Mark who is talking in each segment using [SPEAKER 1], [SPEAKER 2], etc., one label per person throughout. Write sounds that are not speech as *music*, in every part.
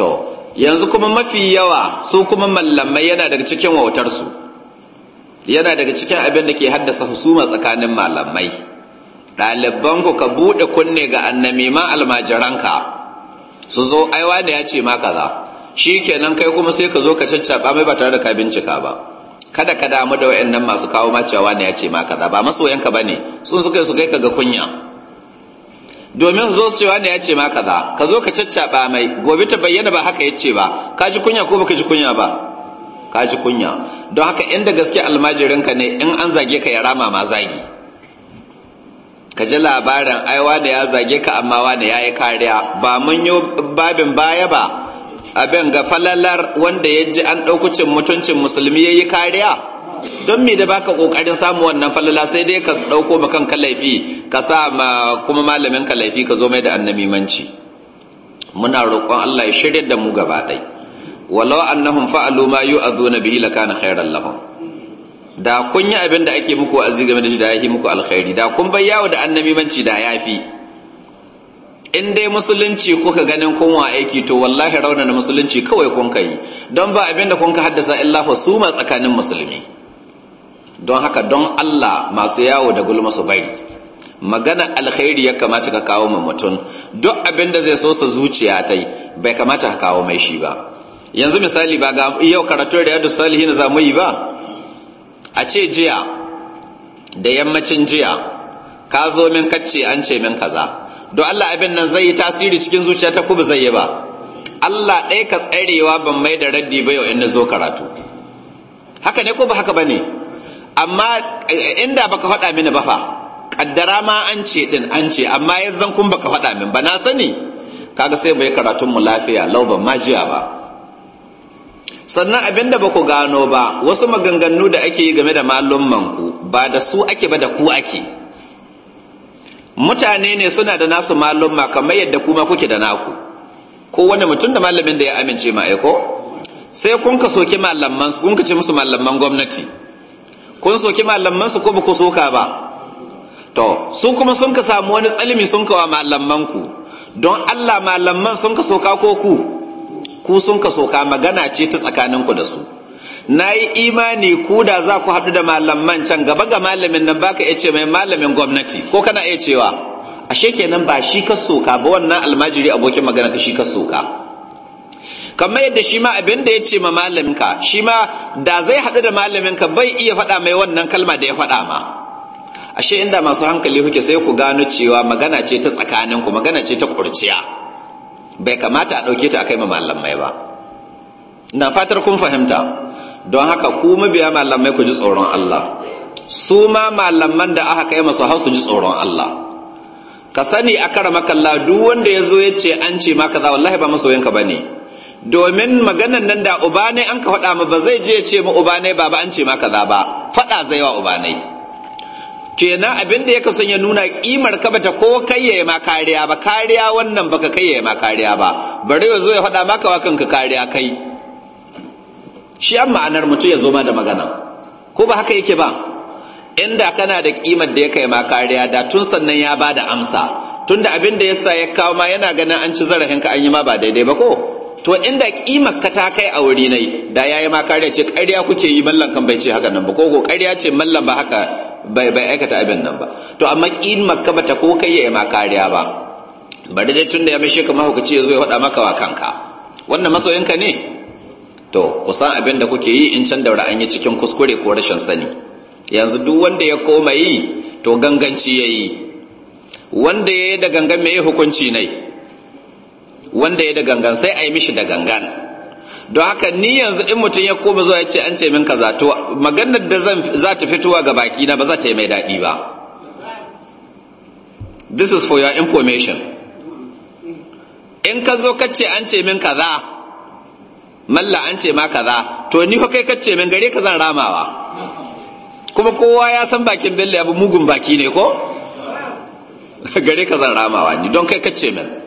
[SPEAKER 1] to yanzu kuma mafi yawa su kuma mallamai yana daga cikin wautarsu yana daga cikin abin da ke haddasa husuma tsakanin malamai ɗalibanku ka buɗe kunne ga annami ma almajiranka su zo aiwa da ya ce ma kaza shi kenan kai kuma sai ka zo ka caccaɓa mai ba tare da ka bincika ba kada ka damu da wayannan masu kawo macewa ne ya ce ma kaza ba masoyanka ba ne sun suka yi su kai ka ga kunya domin zo su cewa ne ya ce ma kaza ka zo ka caccaba mai gobe ta bayyana ba haka ya ce ba ka ji kunya ko baka ji kunya ba ka ji kunya don haka inda gaske almajirinka ne in an zage ka ya rama ma zagi ka ji labarin aiwa da ya zage ka amma wani ya yi kariya ba mun yi babin baya ba abin ga falalar wanda ya ji an ɗaukacin mutuncin musulmi ya yi kariya don me da baka kokarin samu wannan falala sai dai ka dauko ma kanka laifi ka sa ma kuma malamin ka laifi ka zo mai da manci. muna roƙon Allah ya shirya da mu gaba dai walau annahum fa'alu ma yu'aduna bihi lakana khairan lahum da kun yi abin da ake muku wa'azi game da shi da yafi muku alkhairi da kun bai yawo da manci da yafi in dai musulunci kuka ganin kun wa aiki to wallahi raunana musulunci kawai kun kai don ba abin da kun ka haddasa illa suma tsakanin musulmi don haka don Allah masu yawo da gulma su bari magana alkhairi ya kamata ka kawo mai mutum duk abin da zai so sa zuciya ta yi bai kamata ka kawo mai shi ba yanzu misali ba ga yau karatu da yadda salihin za mu yi ba a ce jiya da yammacin jiya ka zo min kacce an ce min kaza don Allah abin nan zai yi tasiri cikin zuciya ta kuma zai yi ba Allah ɗaya ka tsarewa ban mai da raddi ba yau in na zo karatu haka ne ko ba haka ba ne amma eh, inda baka faɗa mini ba fa kaddara ma an ce din an ce amma yanzan kun baka faɗa min ba na sani kaga sai bai karatun mu lafiya lau ban ma jiya ba sannan abinda da baku gano ba wasu maganganu da ake yi game da malumman ku ba da su ake ba da ku ake mutane ne suna da nasu malumma kamar yadda kuma kuke da naku ko wani mutum da malamin da ya amince ma aiko eh sai kun ka soki kun ka ce musu malaman gwamnati kun soki malaman ko ba ku soka ba to su kuma sun ka samu wani tsalimi sun kawa malamanku don Allah malaman sun ka soka ko ku ku sun ka soka magana ce ta tsakanin ku da su na yi imani ku da za ku haɗu da malaman can gaba ga malamin nan baka iya ce mai malamin gwamnati ko kana iya cewa ashe kenan ba shi ka soka ba wannan almajiri abokin magana ka shi ka soka kamar yadda shi ma abin da ya ce ma malaminka shi ma da zai haɗu da malaminka bai iya faɗa mai wannan kalma da ya faɗa ma ashe inda masu hankali kuke sai ku gano cewa magana ce ta tsakaninku magana ce ta ƙurciya bai kamata a ɗauke ta a kai ma malamai ba ina fatar kun fahimta don haka ku mabiya malamai ku ji tsoron Allah su ma malaman da aka kai masu hausu ji tsoron Allah ka sani a kara makalla duk wanda ya zo ya ce an ce maka za wallahi ba masoyinka ba ne domin maganan nan da ubanai an ka faɗa ma ba zai je ce ma ubanai ba ba an ce ma za ba faɗa zai wa ubanai kenan abin da ya kasan ya nuna kimar ka bata ko kayyaye ma kariya ba kariya wannan baka kayyaye ma kariya ba bare ya zo ya faɗa maka wa kanka kariya kai shi an ma'anar mutum ya zo ma da magana ko ba haka yake ba inda kana da kimar da ya kai ma kariya da tun sannan ya bada da amsa tunda abin da yasa ya kawo ma yana ganin an ci zarafinka an yi ma ba daidai ba ko to inda kimar ka ta kai a wuri nai da yayi ma kariya ce ƙarya kuke yi mallan kan bai ce haka nan ba ko ƙarya ce mallan ba haka bai bai aikata abin nan ba to amma kimar ka bata ko kai yayi ma kariya ba bari dai tunda ya mishe ka mahaukaci ya zo ya faɗa maka wa kanka wannan masoyinka ne to ku san abin da kuke yi in can daura an yi cikin kuskure ko rashin sani yanzu duk wanda ya koma yi to ganganci yayi wanda ya yi da gangan mai hukunci nai wanda ya da gangan sai a yi mishi da gangan don haka ni yanzu in mutum ya koma zuwa ya ce an ce min ka zato maganar da za ta fitowa ga baki na ba za ta yi mai daɗi ba this is for your information in ka zo ka ce an ce min kaza malla an ce ma kaza to ni kai ka ce min gare ka zan ramawa kuma kowa ya san bakin bello ya mugun baki ne ko *laughs* gare ka zan ramawa ni don kai ka ce min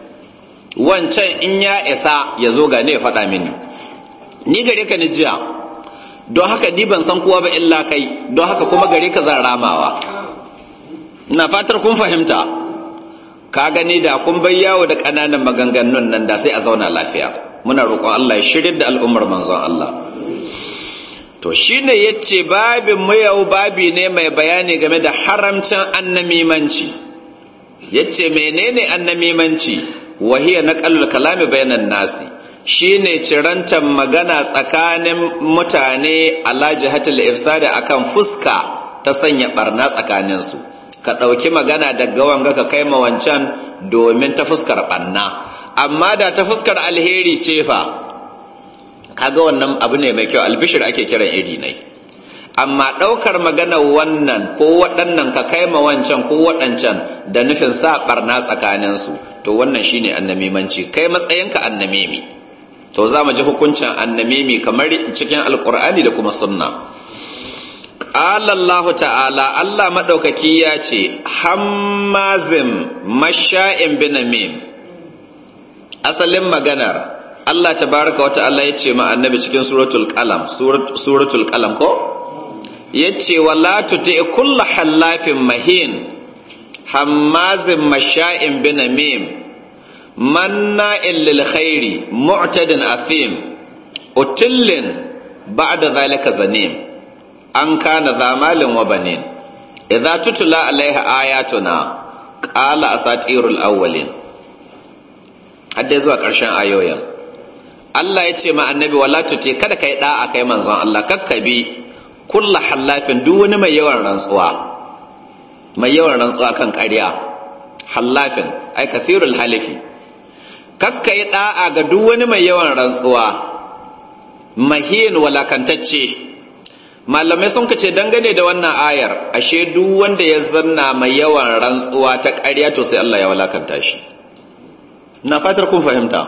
[SPEAKER 1] wancan in ya isa ya zo ga ne ya faɗa mini ni gare ka ni jiya don haka ni ban san kowa ba illa kai don haka kuma gare ka zan ramawa na fatar kun fahimta ka gani da kun bai da ƙananan maganganun nan da sai a zauna lafiya muna roƙon Allah ya shirin da al'ummar manzon Allah to shine yace babin mu yau babi ne mai bayani game da haramcin annamimanci yace menene annamimanci Wahiyya na naqalul kalami bayanan nasi shine cirantar magana tsakanin mutane ala jihatul da akan fuska ta sanya barna tsakaninsu ka ɗauki magana daga wanga ka kai ma wancan domin ta fuskar barna amma da ta fuskar alheri ce fa kaga wannan abu ne mai kyau albishir ake kiran iri nai amma ɗaukar magana wannan ko waɗannan ka kai ma wancan ko waɗancan da nufin sa ɓarna tsakaninsu to wannan shine annamimanci kai matsayinka annamimi to za mu ji hukuncin annamimi kamar cikin alkur'ani da kuma sunna Alallahu ta'ala Allah maɗaukaki ya ce hammazin masha'in binamim asalin maganar Allah tabaraka wata Allah ya ce ma annabi cikin suratul qalam suratul kalam ko yace wala tuti kullu halafin mahin hammazin masha'in binamim manna'in lil khairi mu'tadin athim utillin ba'da zalika zanim an kana zamalin wa banin idza tutula alaiha ayatuna qala asatirul awwalin hadda zuwa ƙarshen ayoyin Allah ya ce ma annabi wala tuti kada kai da'a kai manzon Allah kakkabi kulla hallafin duk wani mai yawan rantsuwa mai yawan rantsuwa kan ƙarya hallafin ai kathirul halifi kakkai yi da'a ga duk wani mai yawan rantsuwa mahin walakantacce malamai sun kace dangane da wannan ayar ashe duk wanda ya zanna mai yawan rantsuwa ta ƙarya to sai Allah ya walakanta shi na fatar kun fahimta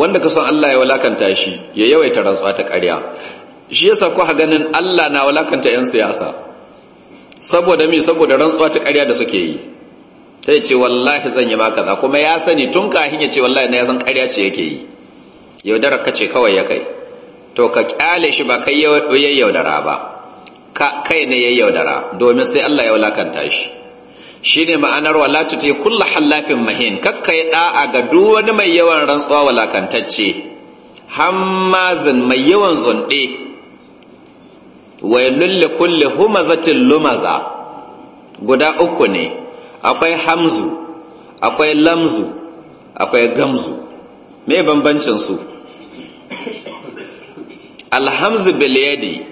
[SPEAKER 1] wanda ka san Allah ya walakanta shi ya yawaita rantsuwa ta ƙarya shi yasa ku ganin Allah na walakanta 'yan siyasa saboda me saboda rantsuwa ta karya da suke yi sai ce wallahi zan yi maka za kuma ya sani tun ka ya ce wallahi na yasan san ce yake yi yaudarar ka ce kawai ya kai to ka kyale shi ba kai ya yaudara ba ka kai ne yaudara domin sai Allah ya walakanta shi ne ma'anar walatu ce kulla hallafin mahin kakkai ɗa'a ga duk wani mai yawan rantsuwa walakantacce hammazin mai yawan zunɗe wailul li kulli humazatin lumaza guda uku ne akwai hamzu akwai lamzu akwai gamzu me bambancin su alhamzu bil yadi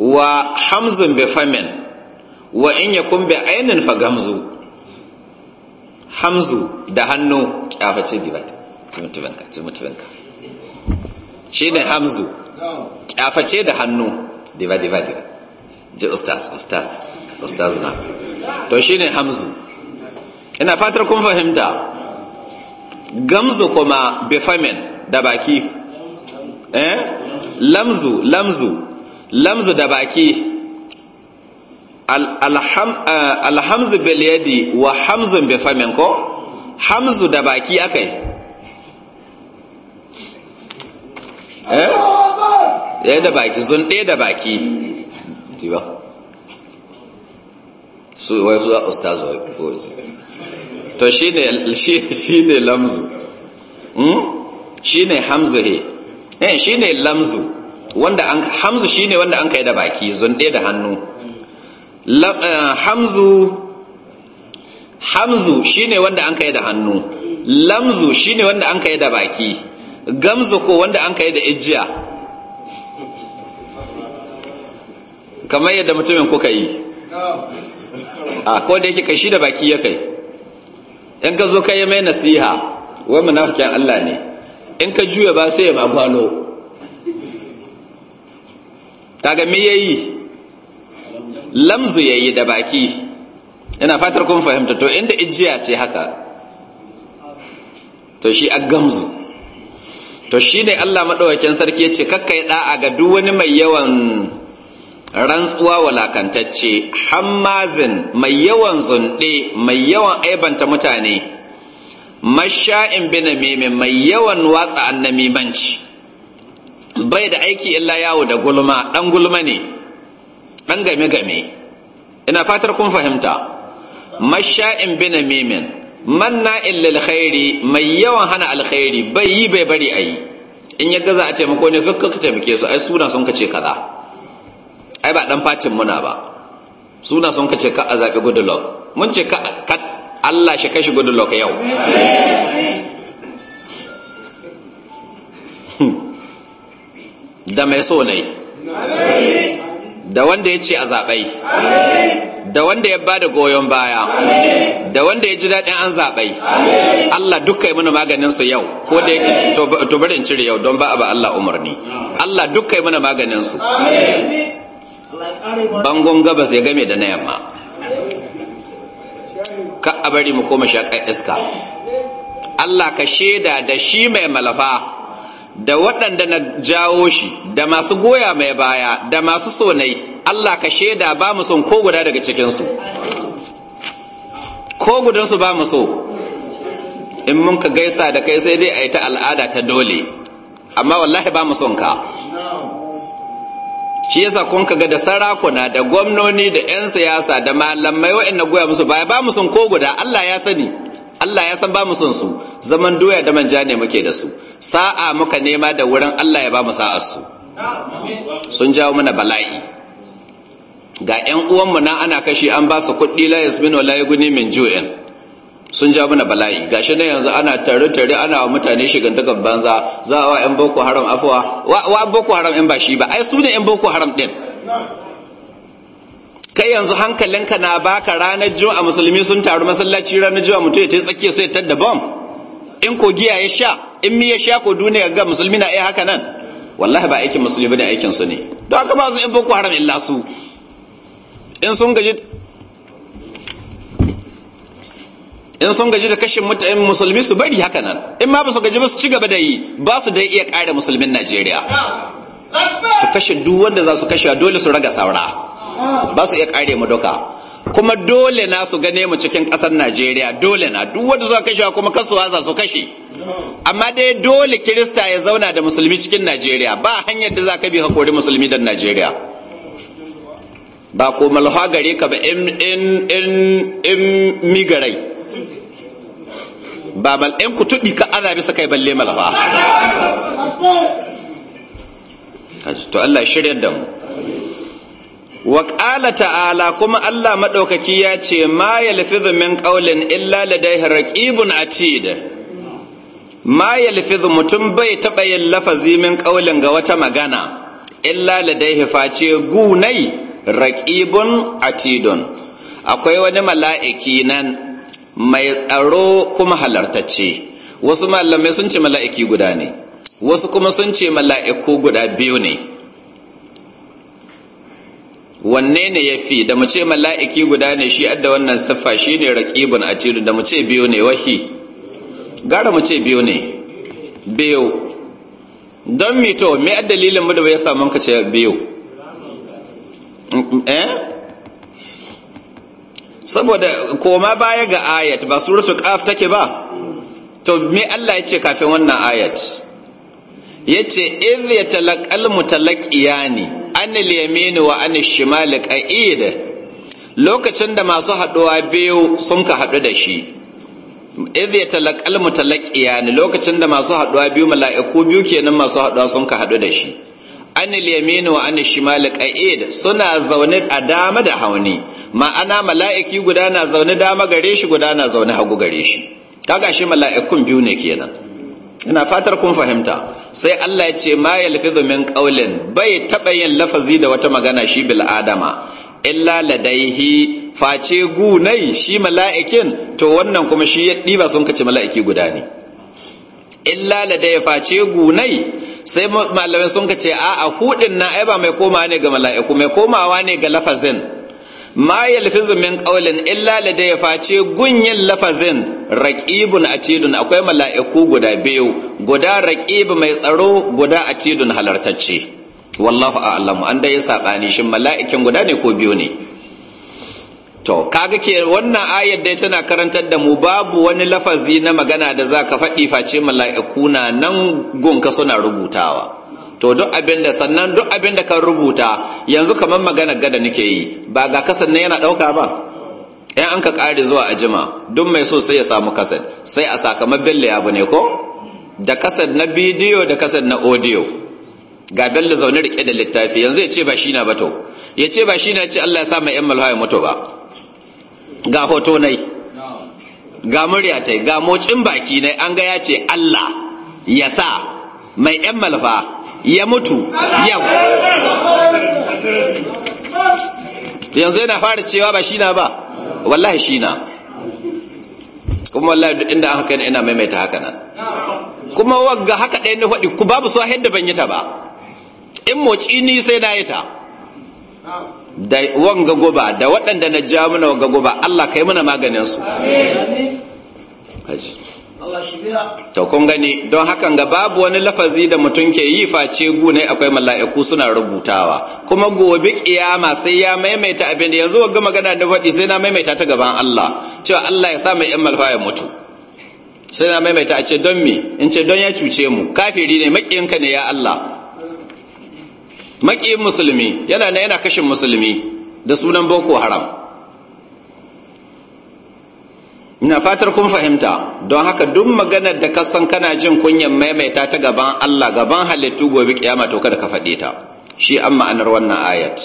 [SPEAKER 1] wa hamzun bi famin wa in yakun bi ainihin fa gamzu hamzu da hannu kyafaci gibata ci mutubanka ci shine hamzu kyaface da hannu diva diva diva ji ustaz ustaz ustaz na to shi ne hamzu ina fatar kun fahimta gamzu kuma bifamin da baki eh lamzu lamzu lamzu da baki eh, alhamzu bil yadi wa hamzun bifamin ko hamzu da baki akai eh ɗaya da baki sun ɗaya da baki tiwa su wai su a ustaz wai to shine shine lamzu hmm? shi shine hamzu he eh shine lamzu wanda an hamzu shine wanda an kai da baki sun ɗaya da hannu eh, hamzu hamzu shine wanda an kai da hannu lamzu shine wanda an kai da baki gamzu ko wanda an kai da ijiya kamar yadda mutumin kuka yi a ko yake kai shi da baki ya kai in ka zo ka yi mai nasiha wani munafikin Allah ne in ka juya ba sai ya gwano. kaga me yayi lamzu yayi da baki ina fatar kun fahimta to inda ijiya ce haka to shi aggamzu to shine Allah madaukakin sarki yace kakkai da'a ga duk wani mai yawan rantsuwa walakantacce hammazin mai yawan zunɗe mai yawan aibanta mutane masha'in binamimi mai yawan watsa annamimanci bai da aiki illa yawo da gulma ɗan gulma ne ɗan game-game ina fatar kun fahimta masha'in binamimin manna illal khairi mai yawan hana alkhairi bai yi bai bari ayi. in ya gaza a taimako ne ka taimake su ai suna sun kace kaza ai ba dan fatin muna ba suna sun ka ce ka a zaɓi goodluck mun ce ka Allah shi kashi goodluck yau da mai so ne da wanda ya ce a zaɓai da wanda ya ba da goyon baya da wanda ya ji daɗin an zaɓai Allah dukka yi mana maganinsu yau ko da yake to bari in cire yau don ba a ba Allah umarni Allah dukka yi mana maganinsu. bangon gabas ya game da na yamma ka a bari mu koma shaƙar iska Allah ka shaida da shi mai malafa da waɗanda na jawo shi da masu goya mai baya da masu sonai Allah ka shaida ba mu son ko guda daga cikinsu ko gudansu ba mu so in mun ka gaisa da kai sai dai a yi ta al'ada ta dole amma wallahi ba mu son ka shi yasa kun kaga da sarakuna da gwamnoni da 'yan siyasa da malamai waɗanda goya musu baya ba musun ko guda Allah ya sani Allah ya san ba musun su zaman doya da manja ne muke da su sa'a muka nema da wurin Allah ya ba mu sa'ar su sun jawo mana bala'i ga 'yan uwanmu na ana kashi an ba su kuɗi la yasmin wa la yaguni min ju'in sun ja mana bala'i gashi ne yanzu ana tare tare ana wa mutane shigantakan banza za a wa yan boko haram afuwa wa boko haram yan ba shi ba ai su ne yan boko haram din kai yanzu hankalinka na baka ranar juma'a musulmi sun taru masallaci ranar juma'a mutum ya ta tsakiya sai ta da bom in ko giya ya sha in mi ya sha ko duniya ga musulmi na iya haka nan wallahi ba aikin musulmi ne aikin su ne don haka ba su yan boko haram illa su in sun gaji in sun gaji da kashin mutane musulmi su bari haka nan in ma ba su gaji ba su ci gaba da yi ba su dai iya kare musulmin najeriya su kashe duk wanda za su kashe dole su raga saura ba su iya kare mu duka kuma dole na su gane mu cikin kasar najeriya dole na duk wanda su kashe kuma kasuwa za su kashe amma dai dole kirista ya zauna da musulmi cikin najeriya ba hanyar da za ka bi hakori musulmi da najeriya ba ko malha gare ka ba in in in migarai ba ɗan ku tuɗi ka ana bisa kai balle ba to Allah shirya da mu wa ta'ala kuma Allah maɗaukaki ya ce ma lafi zumin qawlin illa a ci da ma lafi mutum bai taɓa yin lafazi min ƙaunin ga wata magana illa dai, face gunai raƙibun, atidun akwai wani mala'iki nan mai tsaro kuma halartacce wasu malamai sun ce mala'iki guda ne wasu kuma sun ce mala'iku guda biyu ne wanne ne ya fi da mu ce mala'iki guda ne shi adda wannan siffa shi ne raƙibin a tiru da mu ce biyu ne wahi gara mu ce biyu ne biyu don mito mai a dalilin mu da bai samun ka ce biyu eh saboda koma baya ga ayat ba suratul qaf take ba to me Allah ya ce kafin wannan ayat ya ce idh yatalaqal mutalaqiyani anil yamin wa anil shimal qa'id lokacin da masu haduwa biyu sun ka hadu da shi idh yatalaqal mutalaqiyani lokacin da masu haduwa biyu mala'iku biyu kenan masu haduwa sun ka hadu da shi anil yaminu wa an shimal qa'id suna zaune a dama da hauni ma'ana mala'iki guda na zaune dama gare shi guda na zaune hagu gare shi kaga shi mala'ikun biyu ne kenan ina fatar kun fahimta sai Allah ya ce ma yalfidhu min qawlin bai taba yin lafazi da wata magana shi bil adama illa ladaihi face gunai shi mala'ikin to wannan kuma shi ya diba sun kace mala'iki guda ne illa ladai face gunai sai malamai sun ka ce a'a hudin na ai ba mai komawa ne ga mala'iku mai komawa ne ga lafazin ma yalfizu min qawlin illa ya face gunyin lafazin raqibun atidun akwai mala'iku guda biyu guda raqib mai tsaro guda atidun halartacce wallahu a'lamu an dai sabani shin mala'ikin guda ne ko biyu ne to kaga ke wannan ayar dai tana karantar da mu babu wani lafazi na magana da za ka faɗi face mala'iku na nan gunka suna rubutawa to duk abin da sannan duk abin da ka rubuta yanzu kamar magana gada nake yi ba ga kasan nan yana ɗauka ba Yan an ka ƙari zuwa a jima duk mai so sai ya samu kasan, sai a sakamar bello ya ne ko da kasan na bidiyo da kasan na audio ga zaune rike da littafi yanzu ya ce ba shi na ba ya ce ba shi na ce allah ya sa mai yan malha ya mutu ba ga hoto nai ga murya tai ga Mocin baki nai an ga ya ce Allah ya sa mai yan malfa ya mutu yau yanzu yana fara cewa ba shi na ba wallahi shi na kuma wallahi duk inda aka kai ina maimaita haka nan kuma wagga haka ɗaya ne faɗi ku babu so yadda ban yi ta ba in motsi ni sai na yi ta da wanga guba da waɗanda na ja muna wanga guba Allah kai muna maganin su to kun gani don hakan ga babu wani lafazi da mutum ke yi face gune akwai mala'iku suna rubutawa kuma gobe kiyama sai ya maimaita abin da yanzu ga magana da faɗi sai na maimaita ta gaban Allah cewa Allah ya sa mai yan malfa ya mutu sai na maimaita a ce don me in ce don ya cuce mu kafiri ne maƙiyinka ne ya Allah maƙiyin musulmi yana na yana kashin musulmi da sunan boko haram ina fatar kun fahimta don haka duk maganar da ka san kana jin kunyan maimaita ta gaban Allah gaban halittu gobe kiyama to kada ka faɗe ta shi an ma'anar wannan ayat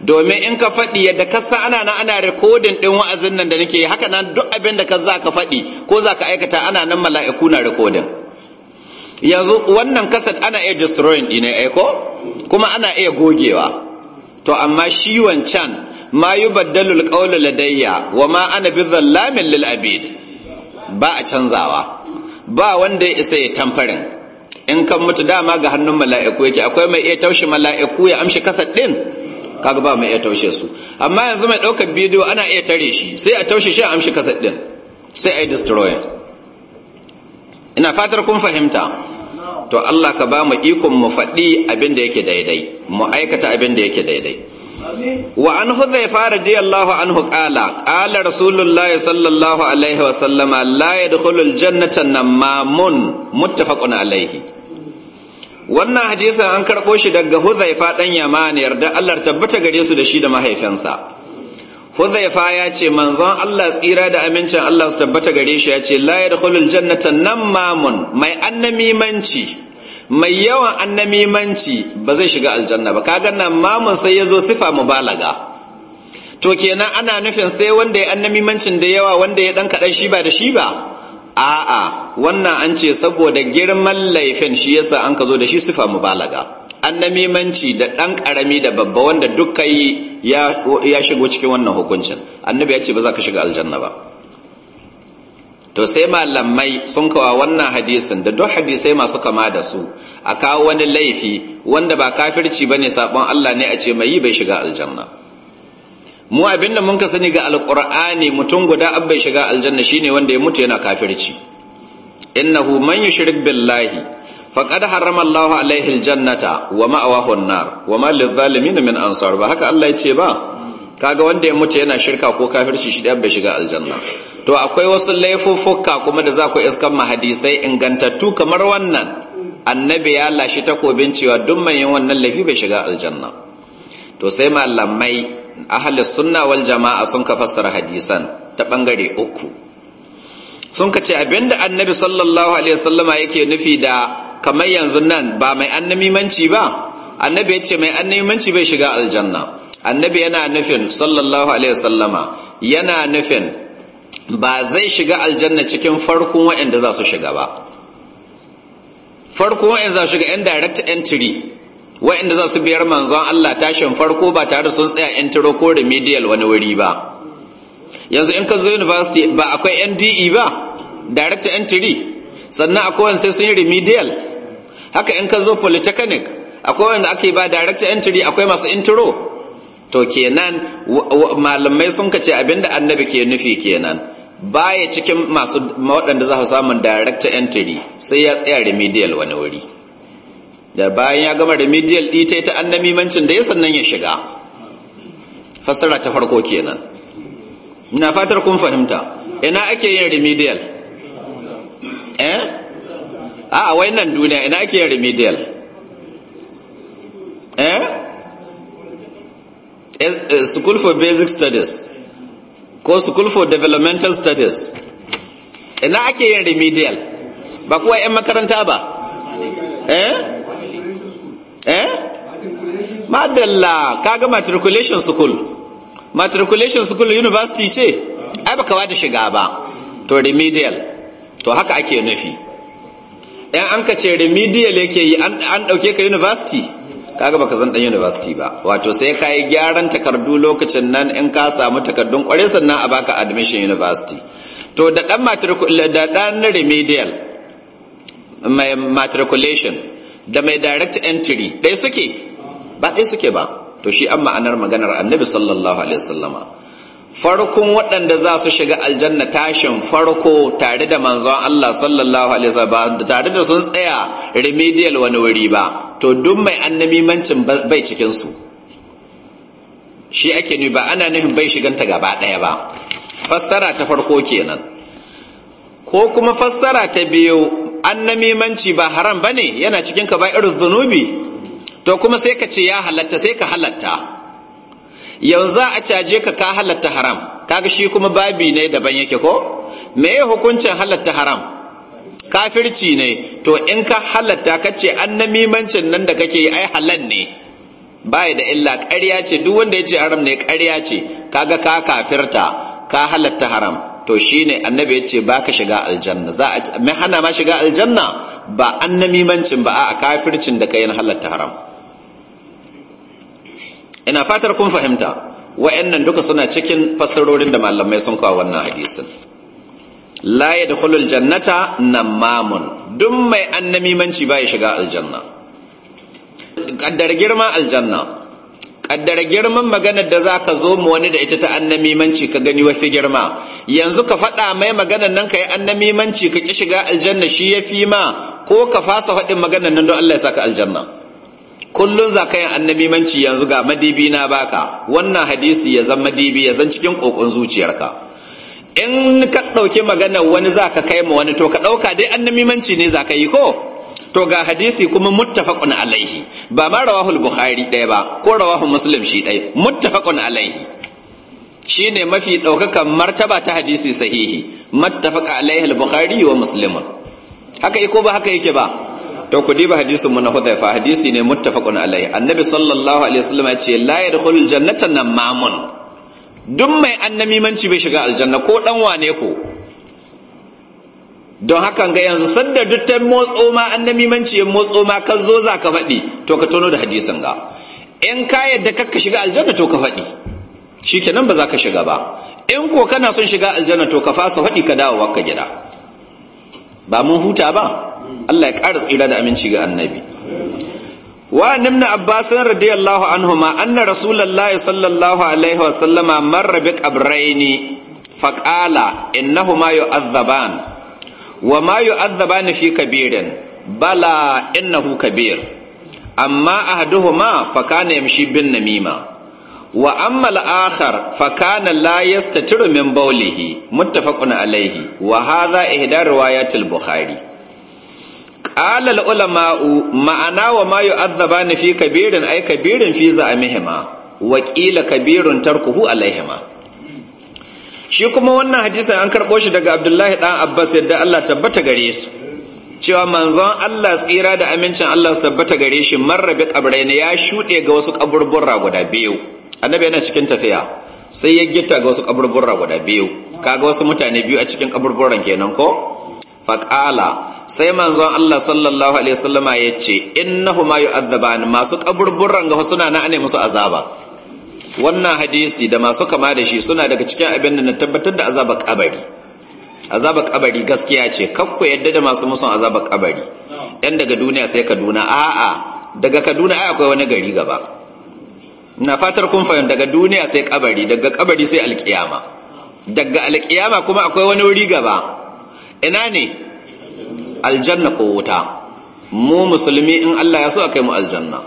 [SPEAKER 1] domin in ka faɗi yadda ka san ana nan ana rikodin ɗin wa'azin nan da nake haka nan duk abin da ka za ka faɗi ko za ka aikata ana nan mala'iku na rikodin yanzu wannan kasar ana iya destroying ɗine eh aiko kuma ana iya gogewa to amma shi wancan ma yi baddalul ƙaunar ladayya wa ma ana bi zallamin lil abid ba a canzawa ba wanda ya isa ya tamfarin in kan mutu dama ga hannun mala'iku yake akwai mai iya taushe mala'iku ya amshi kasar ɗin kaga ba mai iya taushe su amma yanzu mai ɗaukar bidiyo ana iya tare shi sai a taushe shi a amshi kasar ɗin sai a yi destroyer ina fatar kun fahimta to Allah ka ba mu ikon mu faɗi abin da yake daidai mu aikata abin da yake daidai wa an hudhaifa radiyallahu anhu qala qala rasulullah sallallahu alaihi wa sallama la yadkhulu aljannata namamun muttafaqun alaihi wannan hadisin an karɓo shi daga hudhaifa ɗan yamani yarda Allah tabbata gare su da shi da mahaifinsa Hudhaifa ya ce manzon Allah tsira da amincin Allah su tabbata gare shi ya ce la yadkhulul jannata nan mamun mai annamimanci mai yawan annamimanci ba zai shiga aljanna ba kaga nan mamun sai ya zo sifa mubalaga to kenan ana nufin sai wanda ya annamimancin da yawa wanda ya dan kadan shi ba da shi ba a'a wannan an ce saboda girman laifin shi yasa an ka zo da shi sifa balaga. annamimanci da ɗan ƙarami da babba wanda duka yi ya shigo cikin wannan hukuncin annabi ya ce ba za ka shiga aljanna ba to sai malamai sun kawa wannan hadisin da duk hadisai masu kama da su a kawo wani laifi wanda ba kafirci ba ne sabon allah ne a ce mai yi bai shiga aljanna mu abinda mun ka sani ga alkur'ani mutum guda an bai shiga aljanna shine wanda ya mutu yana kafirci innahu man yushrik billahi faqad harrama Allah alaihi il-jannata wa ma'awahu nar wa ma lizalimin min ansar ba haka Allah ce ba kaga wanda ya mutu yana shirka ko kafirci shi dan bai shiga aljanna to akwai wasu laifuffuka kuma da za ku iskan mahadisai ingantattu kamar wannan annabi ya lashe takobin cewa duk mai yin wannan laifi bai shiga aljanna to sai malamai ahli sunna wal jama'a sun ka fassara hadisan ta bangare uku sun ka ce abinda annabi sallallahu alaihi wasallama yake nufi da kamar yanzu nan ba mai annamimanci ba annabi ya ce mai annamimanci bai shiga aljanna annabi yana nufin sallallahu alaihi wasallama yana nufin ba zai shiga aljanna cikin farkon waɗanda za su shiga ba farkon waɗanda za su shiga yan direct entry waɗanda za su biyar manzon Allah tashin farko ba tare sun tsaya entry ko remedial wani wuri ba yanzu in ka zo university ba akwai NDE ba direct entry sannan akwai wani sai sun yi remedial haka in ka zo polytechnic akwai wanda ake ba direct entry akwai masu intro to kenan malamai sun kace abinda annabi ke nufi kenan baya cikin masu waɗanda za su samun direct entry sai ya tsaya remedial wani wuri da bayan ya gama remedial ɗi ta annamimancin da ya sannan ya shiga Fasara ta farko kenan na fatar kun fahimta ina ake yin remedial eh a a wai nan duniya ina ake yin remedial eh? Eh, eh school for basic studies ko school for developmental studies ina ake yin remedial ba kuwa 'yan makaranta ba eh eh madalla kaga matriculation school matriculation school university ce ai baka wada shiga ba to remedial to haka ake nufi yan an ka ce remedial yake yi an ɗauke ka university kaga baka san ɗan university ba wato sai ka yi gyaran takardu lokacin nan in ka samu takardun ƙware sannan a baka admission university to da ɗan remedial mai matriculation da mai direct entry ɗai suke ba ɗai suke ba to shi an ma'anar maganar annabi sallallahu alaihi wasallama farkon waɗanda za su shiga aljanna tashin farko tare da manzon Allah sallallahu alaihi wasallam tare da sun tsaya remedial wani wuri ba to duk mai mancin bai cikin su shi ake ni ba ana nufin bai shiganta gaba ɗaya ba fassara ta farko kenan ko kuma fassara ta biyu annamimanci ba haram bane yana cikin ka ba irin zunubi to kuma sai ka ce ya halatta sai ka halatta Yau za a caje ka ka halatta haram kaga shi kuma babi ne daban yake ko me ya hukuncin halatta haram kafirci ne to in ka halatta ka ce an namimancin nan da kake yi ai halal ne baya da illa ƙarya ce duk wanda ya ce haram ne ƙarya ce kaga ka kafirta ka halatta haram to shi ne annabi ya ce ba ka shiga aljanna za a hana ma shiga aljanna ba an namimancin ba a kafircin da ka yin halatta haram ina fatar kun fahimta wa'annan duka suna cikin fassarorin da malamai sun kawo wannan hadisin la yadkhulul jannata namamun duk mai annamimanci ba ya shiga aljanna kaddar girma aljanna kaddara girman maganar da zaka zo mu wani da ita ta annamimanci ka gani wafi girma yanzu ka faɗa mai maganar nan ka yi annamimanci ka ki shiga aljanna shi yafi ma ko ka fasa faɗin maganar nan don Allah ya saka aljanna kullun zakayin annabi manci yanzu ga madibi na baka wannan hadisi ya zan madibi ya zan cikin kokon zuciyarka in ka ɗauki maganar wani za ka kai ma wani to ka ɗauka dai annabi manci ne za ka yi ko to ga hadisi kuma muttafaqun alaihi ba ma rawahul bukhari ɗaya ba ko rawahul muslim shi ɗaya muttafaqun alaihi Shi ne mafi ɗaukakan martaba ta hadisi sahihi muttafaq alaihi al-bukhari wa muslim haka ko ba haka yake ba to ku diba hadisin mu na Hudhaifa hadisi ne muttafaqun alaihi annabi sallallahu alaihi wasallam ya ce la yadkhulul jannata namamun duk mai annamimanci bai shiga aljanna ko dan wane ko don hakan ga yanzu sanda duttan motso ma manci ya motso ma ka zo za ka faɗi to ka tono da hadisin ga in ka yadda ka shiga aljanna to ka faɗi shikenan ba za ka shiga ba in ko kana son shiga aljanna to ka fasa faɗi ka dawo wakka gida ba mun huta ba Allah ya ƙara tsira da aminci ga annabi wa ibn abbas radiyallahu anhuma anna rasulullahi sallallahu alaihi wa sallama marra bi qabrayni faqala innahuma yu'adhaban wa ma yu'adhaban fi kabirin bala innahu kabir amma ahaduhuma fakana yamshi bin namima wa amma al-akhar fakana la yastatiru min bawlihi muttafaqun alayhi wa hadha ihda riwayatil bukhari alal ulama'u ma'ana wa ma yu'adhabani fi kabirin ay kabirin fi za'amihima wa qila kabirun tarkuhu alaihima shi kuma wannan hadisin an karbo shi daga abdullahi ɗan abbas yadda allah tabbata gare su cewa manzon allah tsira da amincin allah su tabbata gare shi marrabi kabrain ya shuɗe ga wasu kaburbura guda biyu annabi yana cikin tafiya sai ya gita ga wasu kaburbura guda biyu kaga wasu mutane biyu a cikin kaburburran kenan ko faƙala sai manzon Allah sallallahu alaihi wasallama ya ce innahuma yu'adhaban masu kaburburran ga suna na ne musu azaba wannan hadisi da masu kama da shi suna daga cikin abin da na tabbatar da azaba kabari azaba kabari gaskiya ce kakko yadda da masu musun azaba kabari yan daga duniya sai Kaduna a'a daga Kaduna ai akwai wani gari gaba na fatar kun fahimta daga duniya sai kabari daga kabari sai alkiyama daga alkiyama kuma akwai wani wuri gaba ina ne aljanna ko wuta mu musulmi in Allah ya so a kai mu aljanna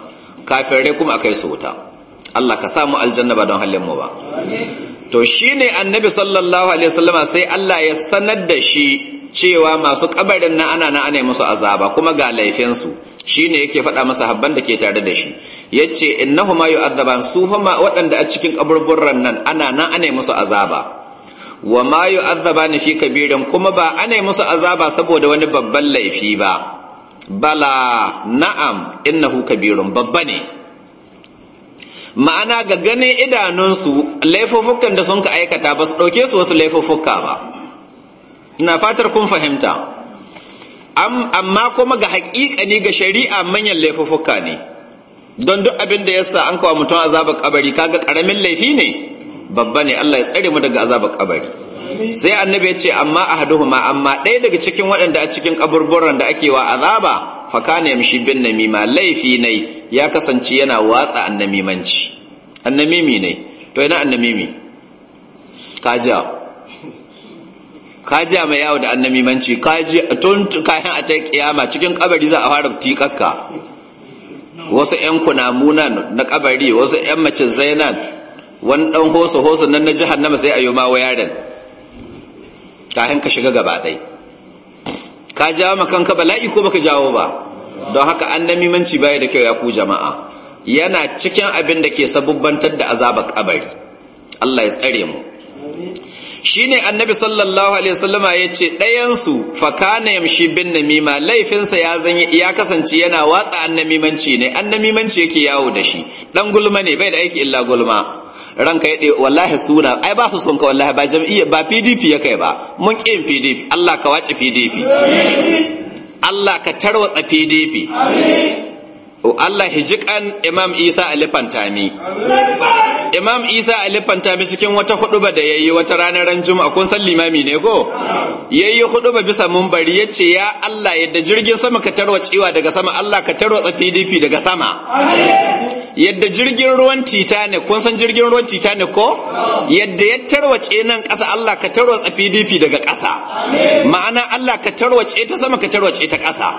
[SPEAKER 1] kafirai kuma a kai su wuta Allah ka sa mu aljanna ba don halin mu ba to shine annabi sallallahu alaihi wasallama sai Allah ya sanar da shi cewa masu kabarin nan ana nan ana musu azaba kuma ga laifin su shine yake faɗa masa habban da ke tare da shi yace innahuma yu'adzaban su huma waɗanda a cikin kaburburran nan ana nan ana musu azaba wa ma yu'azzabani fi kabirin kuma ba ana yi musu azaba saboda wani babban laifi ba bala na'am innahu kabirun babba ne ma'ana ga ganin idanunsu laifofukan da sun ka aikata ba su ɗauke su wasu laifofuka ba ina fatar kun fahimta amma kuma ga haƙiƙani ga shari'a manyan laifofuka ne don duk abin da yasa an kawo mutum azabar kabari kaga ƙaramin laifi ne babba ne Allah ya tsare mu daga azabar kabari sai annabi ya ce amma ahaduhuma amma ɗaya daga cikin waɗanda a cikin kaburburan da ake wa azaba fakane mushi bin namima laifi ne ya kasance yana watsa annamimanci annamimi ne to ina annamimi kaja kaja mai yawo da annamimanci kaji tun kayan a ta kiyama cikin kabari za a fara tikakka wasu 'yan kunamunan na kabari wasu 'yan mace zainan wani ɗan hoso hoso nan na nama sai a yi wa yaron kayan ka shiga gaba ɗai ka jawo ma kanka bala'i ko baka jawo ba don haka an mimanci baya da kyau ya ku jama'a yana cikin abin da ke sabubbantar da azabar kabari Allah ya tsare mu Shi ne annabi sallallahu alaihi wasallama ya ce ɗayansu fakana yamshi bin namima laifinsa ya zanyi ya kasance yana watsa annamimanci ne annamimanci yake yawo da shi Ɗan gulma ne bai da aiki illa gulma ranka ya ɗe wallahi suna ai ba su son ka wallahi ba jam'iyya ba pdp ya kai ba mun ƙin pdp allah ka wace pdp allah ka tarwatsa pdp Allah hijikan Imam Isa Alifantami. Imam Isa Alifantami cikin wata huduba da yayi wata ranar ran Juma'a kun san limami ne ko? Yayi huduba bisa munbari yace ya Allah yadda jirgin sama ka tarwatsewa daga sama Allah ka tarwatsa PDP daga sama. Amin. yadda jirgin ruwan titanic kun san jirgin ruwan titanic ko yadda ya tarwace nan ƙasa allah ka tarwatsa pdp daga ƙasa ma'ana allah ka tarwace ta sama ka tarwace ta ƙasa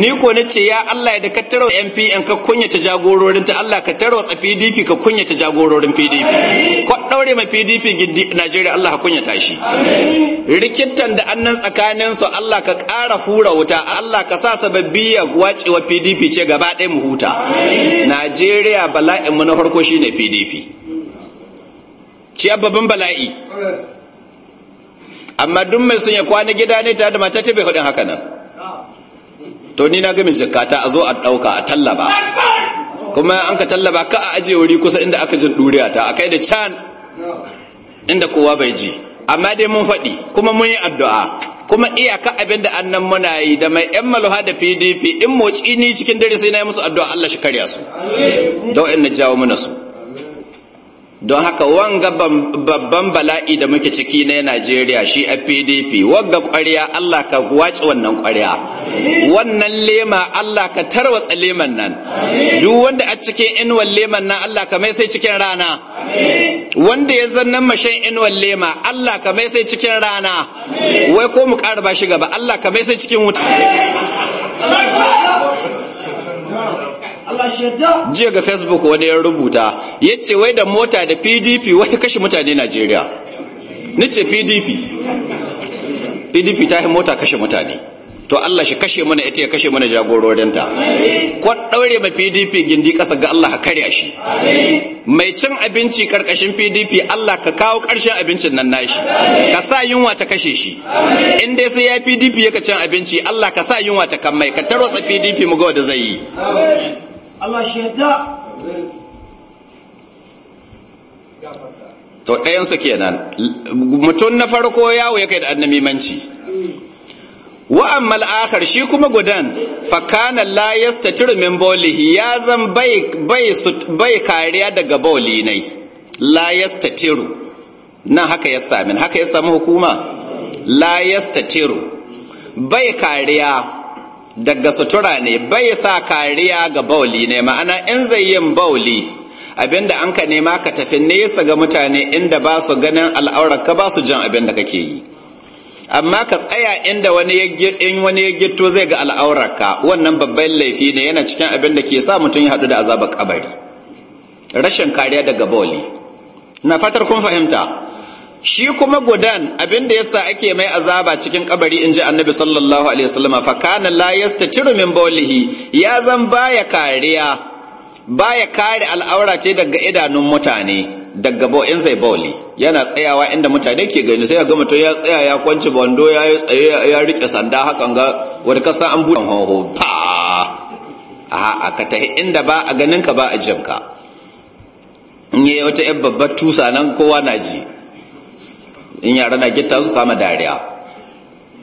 [SPEAKER 1] ni ko na ce ya allah da ka tarwatsa npn ka kunya ta jagororin ta allah ka tarwatsa pdp ka kunya ta jagororin pdp ko ɗaure ma pdp gindi najeriya allah ka kunyata shi rikitan da annan tsakanin su allah ka ƙara hura wuta allah ka sa sababbi ya wacewa pdp ce gaba ɗaya mu huta najeriya bala'in bala'inmu na farko shine pdp ci babban bala'i amma duk mai sun ya kwana gida ne tare da mata ta bai hudin haka nan to ni na gami min a zo a ɗauka a tallaba kuma an ka tallaba ka a ajiye wuri kusa inda aka jin duriya ta akai da can inda kowa bai ji amma dai mun faɗi kuma mun yi addu'a kuma iyaka abin da annan muna yi da mai yan maluha da pdp in motsi ni cikin dare sai na yi musu addu'a allah shi karya su da wa'in na jawo mana su don haka wanga babban bala'i da muke ciki na Najeriya shi a PDP wanga ƙwarya Allah ka wace wannan ƙwarya wannan lema Allah ka tarwatsa leman nan duk wanda a cikin inuwar leman nan Allah ka mai sai cikin rana wanda ya zannan mashin inuwar lema Allah ka mai sai cikin rana wai ko mu ƙara ba shi gaba Allah ka mai sai cikin wuta jiya ga facebook wani ya rubuta ya ce wai da mota da pdp wai kashe mutane najeriya ni ce pdp pdp ta yi mota kashe mutane to allah shi kashe mana ita ya kashe mana jagororinta kwan ɗaure mai pdp gindi ƙasa ga allah ka karya shi mai cin abinci ƙarƙashin pdp allah ka kawo ƙarshen abincin nan nashi ka sa yunwa ta kashe shi in dai sai ya pdp ya ka cin abinci allah ka sa yunwa ta kammai ka tarwatsa pdp mu ga wanda zai yi Allah shi yadda to kenan mutum na farko yawo ya kai da annamimanci wa'an mal'akar shi kuma gudan fakana la yastatir min bolihi ya zan bai kariya daga boli nai la yastatiru nan haka ya sami haka ya sami hukuma la yastatiru bai kariya daga sutura ne bai sa kariya ga bauli ne ma'ana in zai yin bauli abinda an ka nema ka tafi nesa ga mutane inda ba su ganin ka ba su jan abinda da kake yi amma ka tsaya inda wani in wani ya gitto zai ga ka, wannan babban laifi ne yana cikin abin da ke sa mutum ya haɗu da azabar kabari rashin kariya daga bauli na fatar kun fahimta shi kuma gudan abin da yasa ake mai azaba cikin kabari in ji annabi sallallahu alaihi wasallam fa kana la yastatiru min bawlihi ya zan baya kariya baya kare al'aura ce daga idanun mutane daga bo in sai bawli yana tsayawa inda mutane ke gani sai ga mutum ya tsaya ya kwanci bando ya yi tsaye ya rike sanda hakan ga wani kasa an buɗe hoho pa a ka tahi inda ba a ganin ka ba a jinka in yi wata yan babbar tusa nan kowa na ji in yara na gitta su kama dariya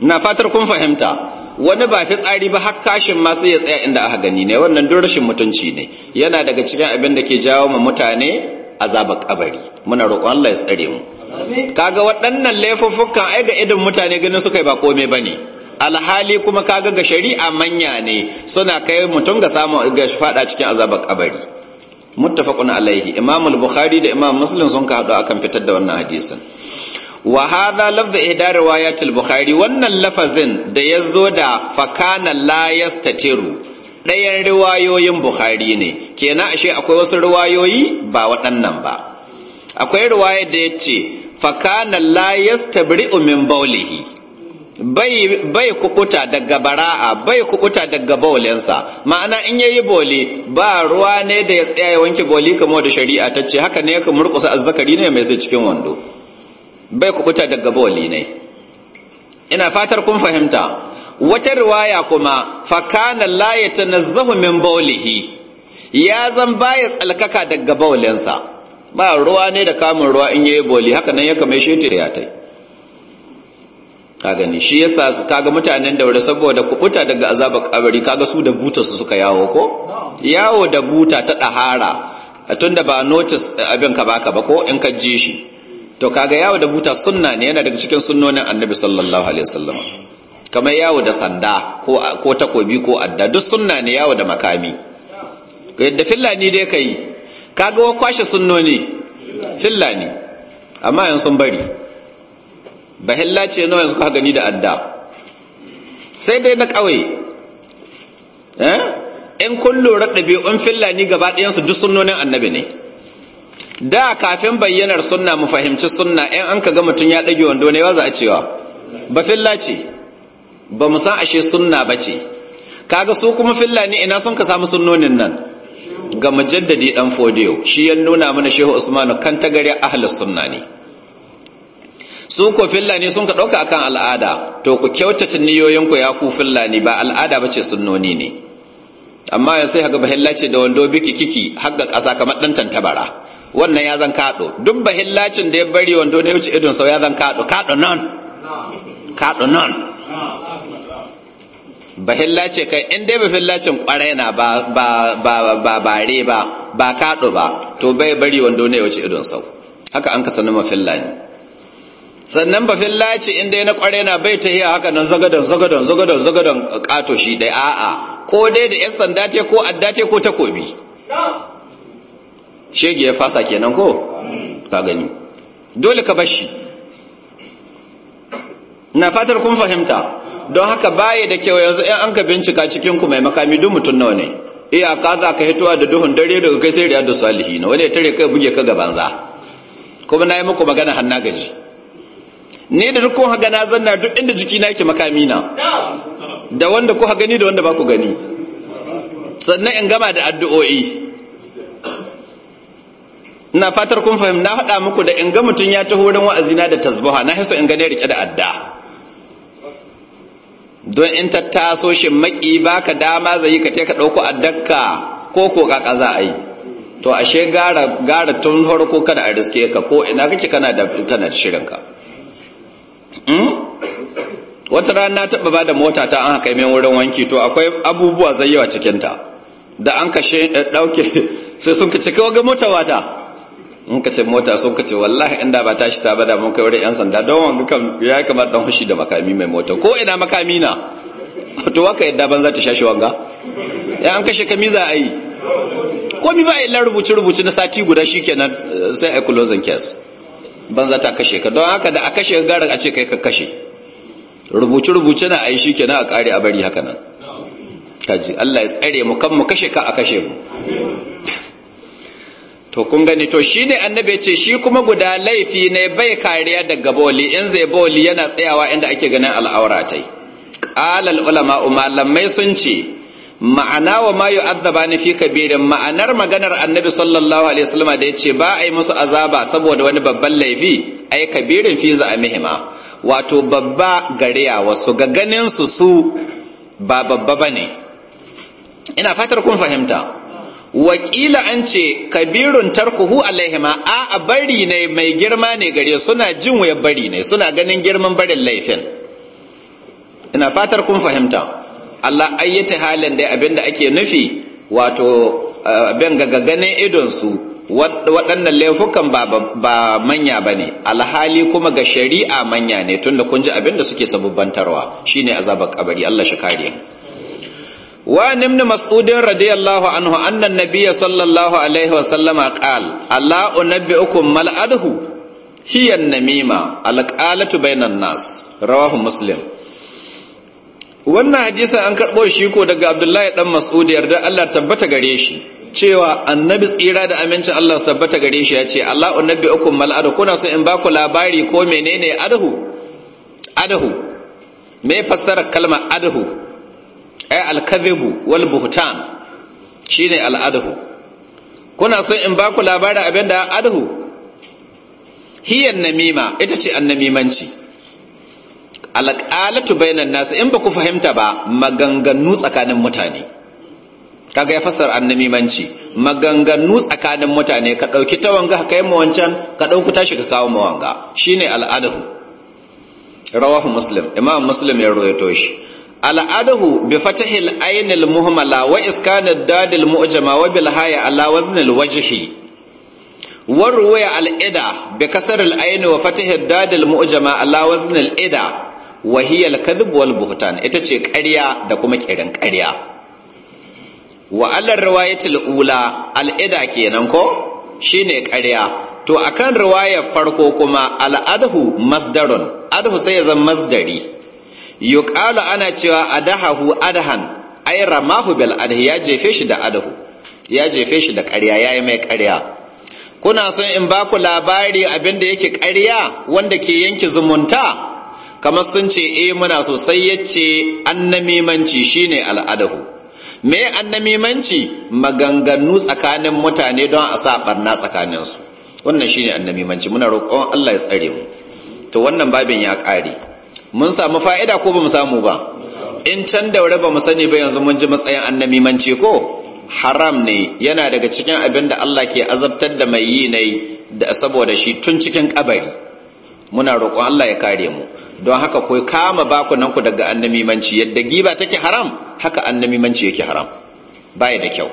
[SPEAKER 1] na fatar kun fahimta wani ba fitsari ba har kashin ma ya tsaya inda aka gani ne wannan duk rashin mutunci ne yana daga cikin abin da ke jawo ma mutane azabar kabari muna roƙon Allah ya tsare mu kaga waɗannan laifuffukan ai ga idan mutane ganin suka yi ba komai bane alhali kuma kaga ga shari'a manya ne suna kai mutum ga samu ga fada cikin azabar kabari muttafaqun alaihi imamul bukhari da imam muslim sun ka hadu akan fitar da wannan hadisin wa hadha lafdhu ihda al bukhari wannan lafazin da ya zo da fakana la yastatiru ɗayan riwayoyin bukhari ne kenan ashe akwai wasu riwayoyi ba waɗannan ba akwai riwaya da ya ce fakana la yastabri'u min baulihi bai bai kukuta daga bara'a bai kukuta daga baulinsa ma'ana in yayi boli ba ruwa ne da ya tsaya ya wanke boli kamar da shari'a tace haka ne ya murkusa azzakari ne mai sai cikin wando bai kubuta daga boli ne ina fatar kun fahimta wata riwaya kuma fakana la yatanazzahu min bawlihi ya zan baya tsalkaka daga bawlinsa ba ruwa ne da kamun ruwa in yayi boli haka nan ya kame shi ya tai yi. Kagani shi yasa kaga mutanen daure saboda kubuta daga azabar kabari kaga su da buta su suka yawo ko yawo da buta ta dahara tunda ba notice abin ka baka ba ko in ka ji shi to kaga yawo da buta sunna ne yana daga cikin sunnonin annabi sallallahu alaihi wasallam kamar yawo da sanda ko ko takobi ko adda duk sunna ne yawo da makami yadda fillani dai kai kaga wa kwashe sunnoni fillani amma yan sun bari bahilla ce nawa yanzu ka gani da adda sai dai na kawai eh in kullu raqabi un fillani gaba su duk sunnonin annabi ne da kafin bayyanar sunna mu fahimci sunna in an ka ga mutum ya dage wando ne ba za a cewa ba filla ba mu san ashe sunna ba ce kaga su kuma filla ina sun ka samu sunnonin nan ga mujaddadi dan fodiyo shi ya nuna mana shehu usman kan tagari ahlus sunna ne su ko filla sun ka dauka akan al'ada to ku kyautata niyoyinku ya ku filla ba al'ada bace ce sunnoni ne amma yanzu sai haga bahilla da wando biki kiki ga kasa kamar ɗan tantabara wannan ya zan kaɗo duk bahillacin da ya bari wando ne wuce idon sau ya zan kaɗo kaɗo nan kaɗo nan bahillace kai in dai bahillacin ƙwarai na ba ba ba ba bare ba ba kaɗo ba to bai bari wando ne wuce idon sau haka an ka sanin mafilla ne sannan bahillaci in dai na ƙwarai na bai ta yi haka nan zagadon zagadon zagadon zagadon kato shi dai a'a ko dai da 'yan sanda ce ko adda ce ko takobi shege ya fasa kenan ko ka gani dole ka bashi na fatar kun fahimta don haka baya da kyau yanzu in an ka bincika cikin ku mai makami duk mutum nawa ne ka za ka hitowa da duhun dare daga kai sai riyadu salihi na wani ya tare kai buge ka gabanza kuma na yi muku magana hanna gaji ni da duk kun haga na zanna duk inda jiki na yake makami na da wanda kuka gani da wanda ba ku gani sannan in gama da addu'o'i ina fatar kun fahim na haɗa muku da in ga mutum ya taho wurin wa'azina da tasbaha na hiso in gane rike da adda don in ta taso shi maki baka dama zai yi ka te ka ɗauko addakka ko ko ka ƙaza a yi to ashe gara gara tun farko kada a riske ka ko ina kake kana da kana da shirin ka hmm? wata rana na taɓa ba da mota ta an haka min wurin wanki to akwai abubuwa zai yawa cikinta da an kashe ɗauke *laughs* sai sun ka cika ga mota wata in ka ce mota sun ka ce wallahi inda ba tashi ta bada mun kai wurin yan sanda don wanga kan ya kamata dan hushi da makami mai mota ko ina makami na to waka yadda ban za ta shashi wanga ya an kashe kami za a yi komi ba illa rubuce rubuce na sati guda shikenan eh, sai ai closing case ban za ta kashe ka don haka da a kashe garin a ce kai ka kashe rubuce rubuce na a yi shikenan a kare a bari haka nan kaji Allah ya tsare mu kan mu kashe ka a kashe mu to kun gani to shi ne annabi ce shi kuma guda laifi ne bai kariya daga boli in zai boli yana tsayawa inda ake ganin al'aura tai qala ulama malamai sun ce ma'ana wa mayu yu'azzaba ni fi kabirin ma'anar maganar annabi sallallahu alaihi wasallam da yace ba a yi musu azaba saboda wani babban laifi ai kabirin fi za'amihima wato babba gariya wasu ga ganin su su ba babba bane ina fatar kun fahimta wakila an ce kabirun tarkuhu alaihima a a bari ne mai girma ne gare suna jin waya bari ne suna ganin girman barin laifin ina fatar kun fahimta Allah ayyata halin dai abinda ake nufi wato eh, abin ga ganin idonsu waɗannan laifukan ba manya ba ne alhali kuma ga shari'a manya ne tunda kun ji abin da suke sabubbantarwa shine azabar kabari Allah shi kare wa nimni mas'udin radiyallahu anhu annan nabiyya sallallahu alaihi wa sallama qal alla unabbi'ukum mal adhu hiya namima alqalatu bainan nas rawahu muslim wannan hadisi an karɓo shi ko daga abdullahi dan mas'ud yarda Allah tabbata gare shi cewa annabi tsira da amincin Allah su tabbata gare shi ya ce Allah unabbi ukum mal adu kuna so in baku labari ko menene adahu adahu me fassara kalma adahu ai alkadhibu wal buhtan shine al'adahu kuna so in ba ku labarin abin da adahu hiyan namima ita ce annamimanci alqalatu bainan nas in ba ku fahimta ba maganganu tsakanin mutane kaga ya fassar annamimanci maganganu tsakanin mutane ka dauki tawanga, ka kai wancan ka dauki tashi ka kawo wanga shine al'adahu rawahu muslim imam muslim ya rawaito shi al'adahu bi fatahil ainil muhmala wa iskanid dadil mu'jama wa bil haya ala waznil wajhi wa ruwaya al ida bi kasril ain wa fatahid dadil mu'jama ala waznil ida wa hiya al ita ce ƙarya da kuma ƙirin ƙarya wa ala ya ula al ida kenan ko shine ƙarya to akan riwayar farko kuma al'adahu masdarun adahu sai ya zama masdari yuqalu ana cewa adahahu adahan ay ramahu bil adhi ya jefe shi da adahu ya jefe shi da ƙarya yayi mai ƙarya kuna son in ba ku labari abin da yake ƙarya wanda ke yanke zumunta kamar sun ce eh muna sosai yace annamimanci shine al'adahu me annamimanci maganganu tsakanin mutane don a sa barna tsakaninsu wannan shine annamimanci muna roƙon Allah ya tsare mu to wannan babin ya ƙare mun samu fa'ida ko ba mu samu ba in can daure ba mu sani ba yanzu mun ji matsayin annabi mance ko haram ne yana daga cikin abin da Allah ke azabtar da mai yi nai da saboda shi tun cikin kabari muna roƙon Allah ya kare mu don haka kai kama bakunanku ku daga annabi mance yadda giba take haram haka annabi mance yake haram baya da kyau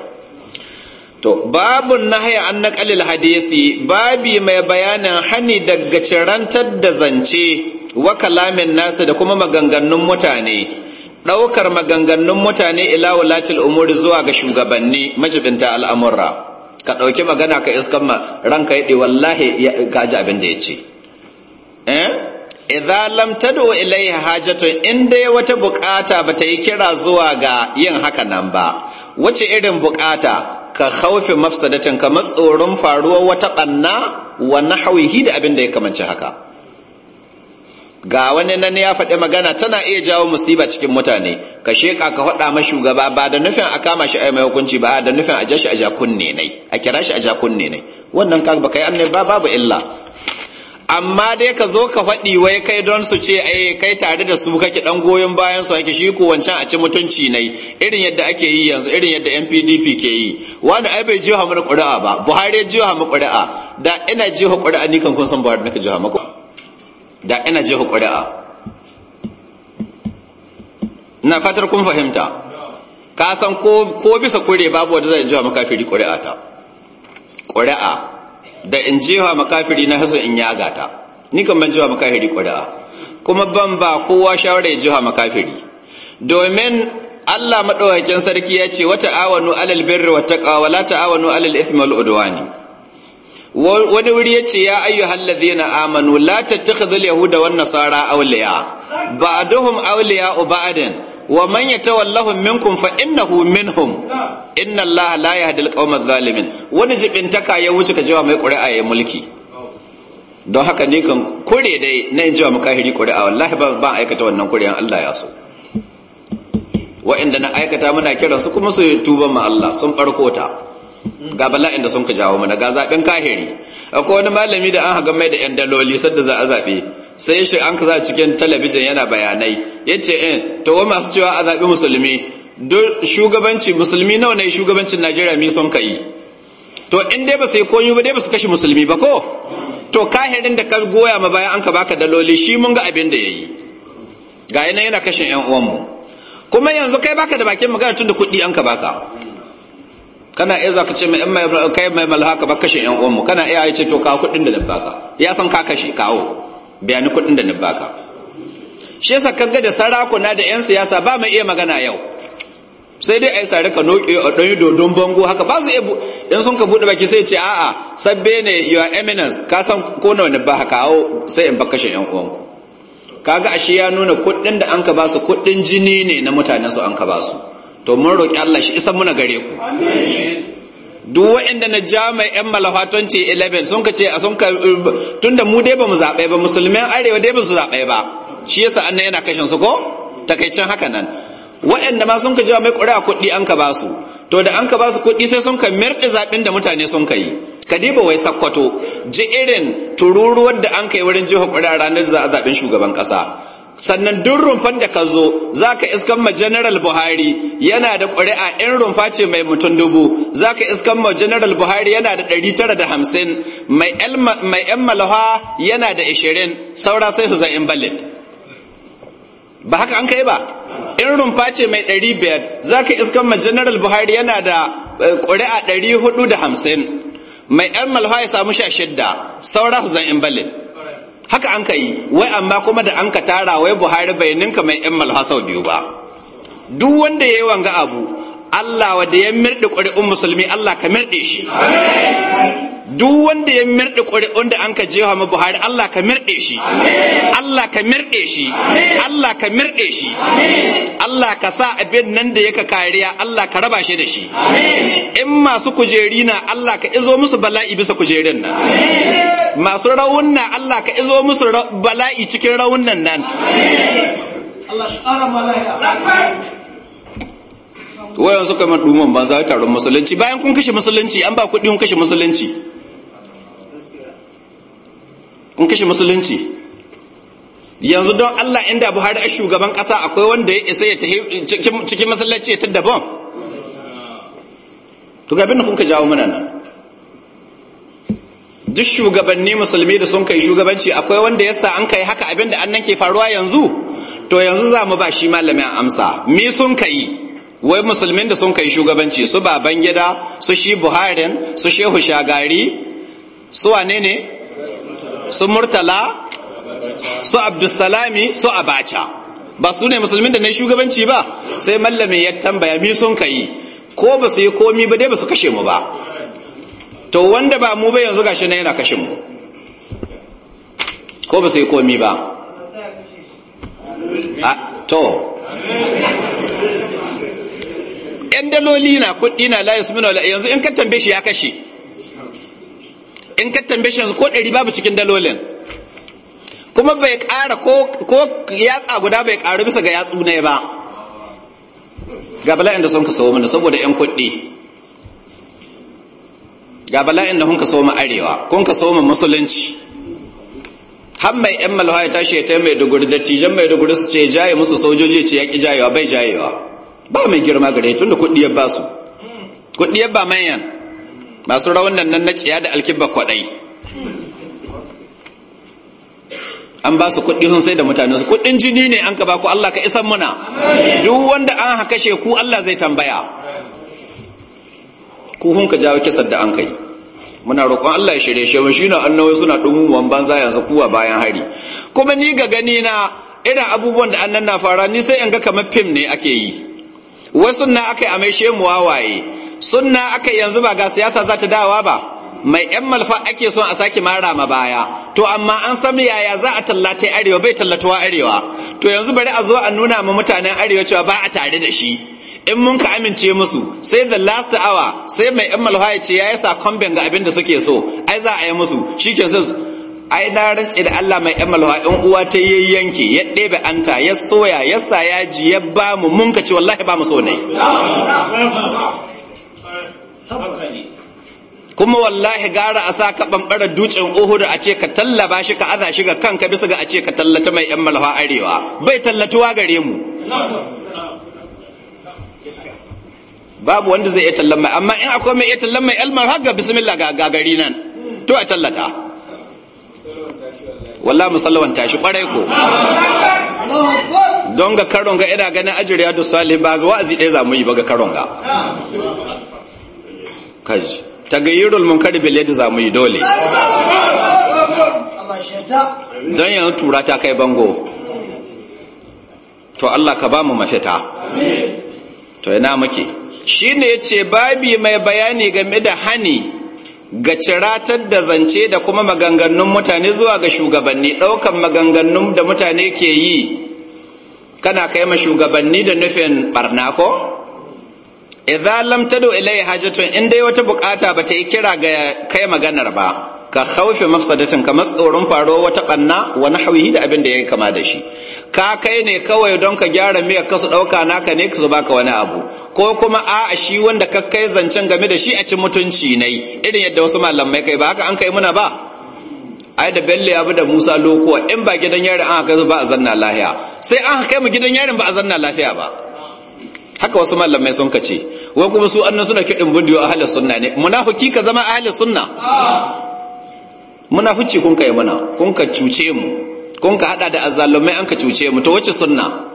[SPEAKER 1] to babun nahya an naqalil hadisi babi mai bayanin hani daga cirantar da zance wa kalamin nasu da kuma maganganun mutane ɗaukar maganganun mutane ila wulatil umuri zuwa ga shugabanni majibinta al'amura. ka ɗauki magana ka iskan ma ranka yaɗe wallahi ka ji abin da ya ce eh? idza lam tad'u ilayha hajatu in dai wata bukata bata yi kira zuwa ga yin haka nan ba wace irin bukata ka khaufi mafsadatin kamar tsoron faruwar wata ƙanna wa nahwihi da abin da ya kamanci haka ga wani nan ya faɗi magana tana iya jawo musiba cikin mutane ka sheƙa ka faɗa ma shugaba ba da nufin a kama shi a mai hukunci ba da nufin a jashi a jakunne nai a kira shi a jakunne nai wannan ka baka yi annai ba babu illa amma dai ka zo ka faɗi wai kai don su ce ai kai tare da su kake dan goyon bayan su kake shi ko wancan a ci mutunci nai irin yadda ake yi yanzu irin yadda NPDP ke yi wani ai bai jiha mana ƙuri'a ba Buhari ya jiha mu ƙuri'a da ina jiha ƙuri'a ni kan kun san Buhari nake jiha ƙuri'a da ina jefa ƙuri'a ina fatar kun fahimta ka san ko bisa kure babu wanda zai jefa makafiri ƙuri'a ta ƙuri'a da in jefa makafiri na hasu in yaga ta ni kan ban jefa makafiri ƙuri'a kuma ban ba kowa shawarar jiwa jefa makafiri domin Allah maɗaukakin sarki ya ce wata awanu alal birri wata ƙawa wala awanu alal ithmi udwani wani wuri ya ce ya hallazi na amanu la tattakhidhul yahuda wan nasara awliya ba'duhum awliya ba'din wa man yatawallahum minkum fa innahu minhum inna allaha la yahdi alqawma adh-dhalimin wani jibintaka ya wuce ka jiwa mai ƙuri'a ya mulki don haka ne kan kure dai na yin jiwa makahiri ƙuri'a wallahi ba ba aikata wannan ƙuri'an Allah ya so Wa inda na aikata muna kiransu kuma su tuba ma Allah sun barkota ga bala'in da sun ka jawo mana ga zaben kahiri akwai wani malami da an haga mai da yan daloli sadda za a zaɓe sai shi an kaza cikin talabijin yana bayanai Yace ce eh, to wa masu cewa a zaɓi musulmi duk shugabanci musulmi nawa ne shugabancin najeriya mi sun ka yi to in dai ba su yi koyi ba dai ba su kashe musulmi ba ko to kahirin da ka goya ma bayan an ka baka daloli shi mun ga abin da ya yi ga yana yana kashe yan mu. kuma yanzu kai baka da bakin magana tun da kuɗi an ka baka kana iya zuwa ka ce mai mai kai mai malhaka ba kashe yan uwanmu kana iya ya ce to kawo kuɗin da na ya san ka kashe kawo bayani kuɗin da na shi yasa kan ga da sarakuna da yan siyasa ba mai iya magana yau sai dai ai sare ka noke a ɗanyi dodon bango haka ba su iya in sun ka buɗe baki sai ce a'a sabbe ne your eminence ka san ko nawa ne ba kawo sai in ba kashe yan uwanku kaga ashe ya nuna kuɗin da an ka ba su kuɗin jini ne na mutanen su an ka ba su to mun roƙi Allah shi isan muna gare ku duk waɗanda na ja mai 'yan malafatonci 11 sun ka ce a sun ka da mu dai ba mu zaɓe ba musulmin arewa dai ba su zaɓe ba shi yasa annan yana kashin su ko takaicin haka nan waɗanda ma sun ka ja mai ƙuri'a kuɗi an ka ba su to da an ka ba su kuɗi sai sun ka mirɗi zaɓen da mutane sun ka yi kadiba wai sakkwato ji irin tururuwar da an kai wurin jihar ƙuri'a ranar zaɓen shugaban ƙasa sannan duk rumfan da ka zo za ka iskan ma general buhari yana da ƙuri'a in rumfa ce mai mutum dubu za ka iskan ma general buhari yana da ɗari tara da hamsin. mai 'yan malawa yana da ishirin, saura sai zai ballet ba haka an kai ba in rumfa ce mai ɗari biyar, za ka iskan ma general buhari yana da eh, ƙuri'a ɗari hudu da hamsin. mai 'yan malawa ya samu sha shidda saura zai ballet haka an ka yi wai amma kuma da an ka tara wai buhari bai ninka mai yan malhasau biyu ba duk wanda ya yi wanga abu Allah wanda ya mirɗi ƙuri'un musulmi Allah ka mirɗe shi duk wanda ya mirɗi ƙuri'un da an ka jefa ma Buhari Allah ka mirɗe shi Allah ka mirɗe shi Allah ka mirɗe shi Allah ka sa abin nan da yaka kariya Allah ka raba shi da shi in masu kujeri na Allah ka izo musu bala'i bisa kujerin nan masu rawun na Allah ka izo musu bala'i cikin rawun nan nan Allah shi ƙara wayan suka man duman ban sai taron musulunci bayan kun kashe musulunci an ba kuɗi kun kashe musulunci kun kashe musulunci yanzu don Allah inda Buhari a shugaban ƙasa akwai wanda ya isa ya tafi cikin musulunci ya tadda bon to ga abin kun ka jawo mana nan duk shugabanni musulmi da sun kai shugabanci akwai wanda ya sa an kai haka abin da annan ke faruwa yanzu to yanzu za mu ba shi malamin amsa mi sun kai wai musulmin da sun kai shugabanci su baban gida su shi buharin su shehu shagari su wane ne su murtala su abdulsalami su abacha ba su ne musulmin da na shugabanci ba sai mallamin ya tambaya mi sun kai ko ba su yi komi ba dai ba su kashe mu ba to wanda ba mu ba yanzu gashi na yana kashe mu ko ba su yi komi ba to yan daloli na kuɗi na la su minola yanzu in ka tambaye shi ya kashe in ka tambaye shi yanzu ko ɗari babu cikin dalolin kuma bai ƙara ko yatsa guda bai ƙaru bisa ga yatsu ne ba ga bala'in da sun ka sawo mana saboda yan kuɗi ga bala'in da kun ka ma arewa kun ka sawo musulunci har mai yan malhaya tashi ya taimai da da tijan mai da guri su ce jaye musu sojoji ce ya ki jayewa bai jayewa ba mai girma gare tunda kuɗi ya ba su kuɗi ya ba manyan masu rawan nan na ciya da alkibba kwaɗai an ba su kuɗi sun sai da mutane su kuɗin jini ne an ka ba ku Allah ka isan muna duk wanda an haka ku Allah zai tambaya ku hun ka jawo kisar da an kai muna roƙon Allah ya shirye shi shi na annawai suna ɗumumuwan banza yanzu kuwa bayan hari kuma ni ga gani na irin abubuwan da annan na fara ni sai in ga kamar fim ne ake yi wai sunna aka yi a mai shemu wawaye sunna aka yanzu ba ga siyasa za ta dawa ba mai yan malfa ake son a sake mara ma baya to amma an san yaya za a tallata arewa bai tallatuwa arewa to yanzu bari a zo a nuna ma mutanen arewa cewa ba a tare da shi in mun ka amince musu sai the last hour sai mai yan malfa ya ce ya yi kamben ga abin da suke so ai za a yi musu shi ke so ai na rance da Allah mai yan malwa ɗan uwa ta yi yanki ya ɗebe anta ya soya ya sa yaji ya ba mu mun ka ce wallahi ba mu so ne kuma wallahi gara a sa ka bambara dutsen Uhuru a ce ka tallaba shi ka aza shi ga kanka bisa ga a ce ka tallata mai yan malwa arewa bai tallatuwa gare mu babu wanda zai iya tallan mai amma in akwai mai iya tallan mai almar har ga bismillah ga gari nan to a tallata wallahi musallawan tashi kwarai ko don ga karon ga ina ganin ajiri ya sali ba ga wa'azi ɗaya za mu yi ba ga karon ga kaji tagayyirul munkari bil yadi za mu yi dole don yanzu tura ta kai bango to Allah ka ba mu mafita to ina muke shine ce babi mai bayani game da hani ga ciratar da zance da kuma maganganun mutane zuwa ga shugabanni ɗaukan maganganun da mutane ke yi kana kai ma shugabanni da nufin barna ko idza lam tadu ilai hajatun in dai wata bukata bata yi kira ga kai maganar ba ka khawfi mafsadatin kamar tsoron faro wata kanna wa nahwihi da abin da yake kama da shi ka kai ne kawai don ka gyara miyar ka su dauka naka ne ka zuba ka wani abu ko kuma a shi wanda ka kai zancen game da shi a cin mutunci ne irin yadda wasu malamai kai ba haka an kai muna ba ai da bello abu da musa lokuwa in ba gidan yarin an haka ba a zanna lafiya sai an kai mu gidan yarin ba a zanna lafiya ba haka wasu malamai sun kace wai kuma su annan suna kiɗin bindiyo ahli sunna ne munafiki ka zama ahli sunna munafici kun kai muna kun ka cuce mu kun ka hada da azzalumai an ka cuce mu to wace sunna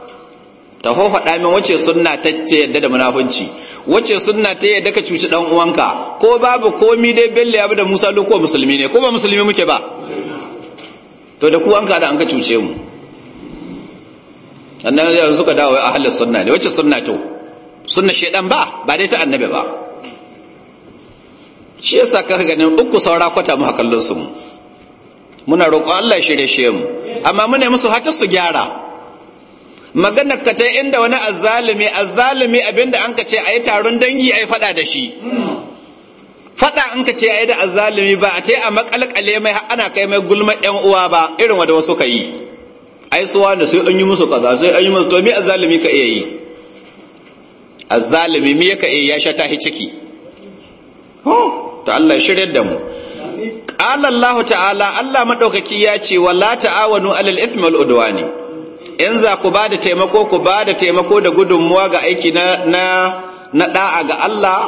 [SPEAKER 1] ta hofaɗa min wace sunna ta ce yadda da munafunci wace sunna ta yadda ka cuci dan uwanka ko babu komi dai bello ya bi da musa ko musulmi ne ko ba musulmi muke ba to da ku an ka da an ka cuce mu annan ya suka dawo a halin sunna ne wace sunna to sunna shedan ba ba dai ta annabi ba shi yasa kaka ganin uku saura kwata mu hakallun su mu muna roƙo Allah shirye shi mu amma muna musu hatta su gyara magana ka inda wani azzalumi azzalumi abinda an ka ce a yi taron dangi a yi fada da shi fada an ka ce a yi da azzalumi ba a ta yi a makalkale mai ana kai mai gulma ɗan uwa ba irin wanda wasu ka yi ai suwa da sai an yi musu kaza sai an yi musu to me azzalumi ka iya yi azzalumi me ka iya ya sha hi ciki to Allah ya shirya da mu qala Allah ta'ala Allah madaukaki ya ce wala ta'awanu alal ithmi wal udwani in za ku ba da taimako ku ba da taimako da gudunmuwa ga aiki na da'a ga Allah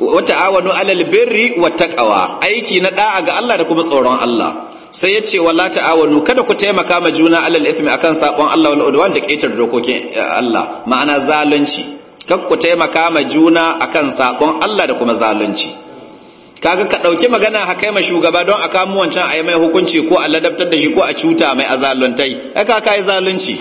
[SPEAKER 1] wa awanu alal birri wa taqwa aiki na da'a ga Allah da kuma tsoron Allah sai ya ce wala ta'awanu kada ku taimaka ma juna alal ithmi akan sabon Allah wal udwan da ketar dokokin eh, Allah ma'ana zalunci kar ku taimaka ma juna akan sabon Allah da kuma zalunci kaga ka ɗauki magana ha kai ma shugaba don a kamo wancan a yi mai hukunci ko a ladabtar da shi ko a cuta mai azaluntai ai ka kai zalunci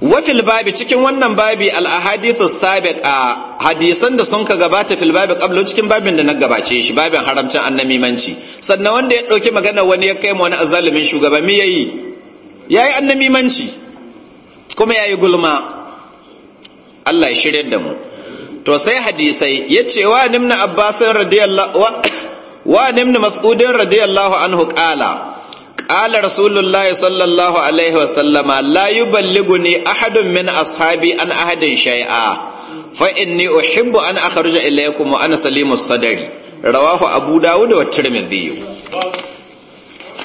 [SPEAKER 1] Wa wafil babi cikin wannan babi al-ahadithu sabiqa hadisan da sun ka gabata fil babi qablu cikin babin da na gabace shi babin haramcin annamimanci sannan wanda ya ɗauki magana wani ya kai ma wani azalimin shugaba me yayi yayi annamimanci kuma yayi gulma Allah ya shirye da mu to sai hadisai ya ce wa nimna abbasin radiyallahu wa nimna mas'udin radiyallahu anhu qala qala rasulullahi sallallahu alaihi wa sallama. la yuballiguni ahadun min ashabi an ahadin shay'a fa inni uhibbu an akhruja ilaykum wa ana salimu sadari rawahu abu dawud wa tirmidhi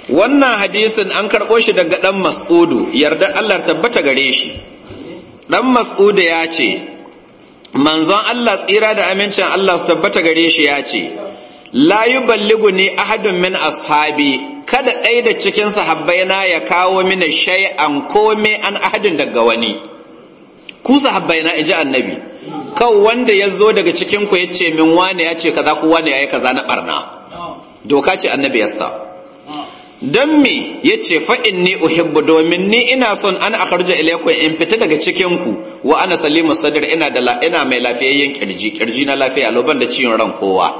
[SPEAKER 1] wannan hadisin an karɓo shi daga ɗan mas'udu yarda allah tabbata gare shi dan mas'udu ya ce manzon Allah tsira da amincin Allah su tabbata gare shi ya ce la yuballigu ni ahadun min ashabi kada ɗaya da cikin sahabbaina ya kawo mini an komai an ahadin daga wani ku sahabbaina inji annabi Kau wanda ya zo daga cikin ku ya ce min wane ya ce kaza ko wane ya yi kaza na barna doka ce annabi ya sa don me ya ce fa'in ni uhibbu domin ni ina son an a karja ilaikun in fita daga cikinku wa ana salimu sadar ina da ina mai lafiyayyen kirji kirji na lafiya loban da ciwon ran kowa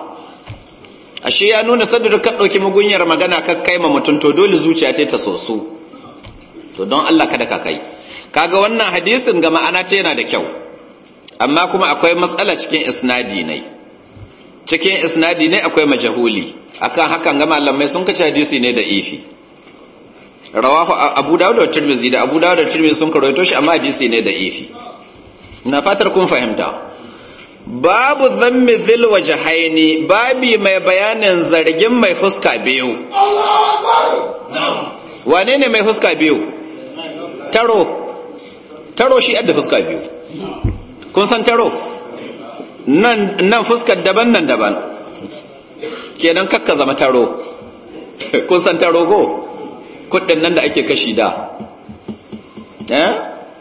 [SPEAKER 1] ashe ya nuna sadir ka ɗauki mugunyar magana ka kai ma mutum to dole zuciya ta soso to don Allah kada ka kai kaga wannan hadisin ga ma'ana ta yana da kyau amma kuma akwai matsala cikin isnadi ne cikin isnadi ne akwai majahuli akan hakan ga malamai sun kace hadisi ne da ifi rawahu abu dawud da tirmizi da abu dawud da tirmizi sun karoito shi amma hadisi ne da ifi na fatar kun fahimta babu dhammi dhil wajhaini babi mai bayanin zargin mai fuska biyu wane ne mai fuska biyu taro taro shi yadda fuska biyu kun san taro nan fuskar daban nan daban kenan kakka zama taro *laughs* kun san taro ko kudin nan da ake kashi da eh?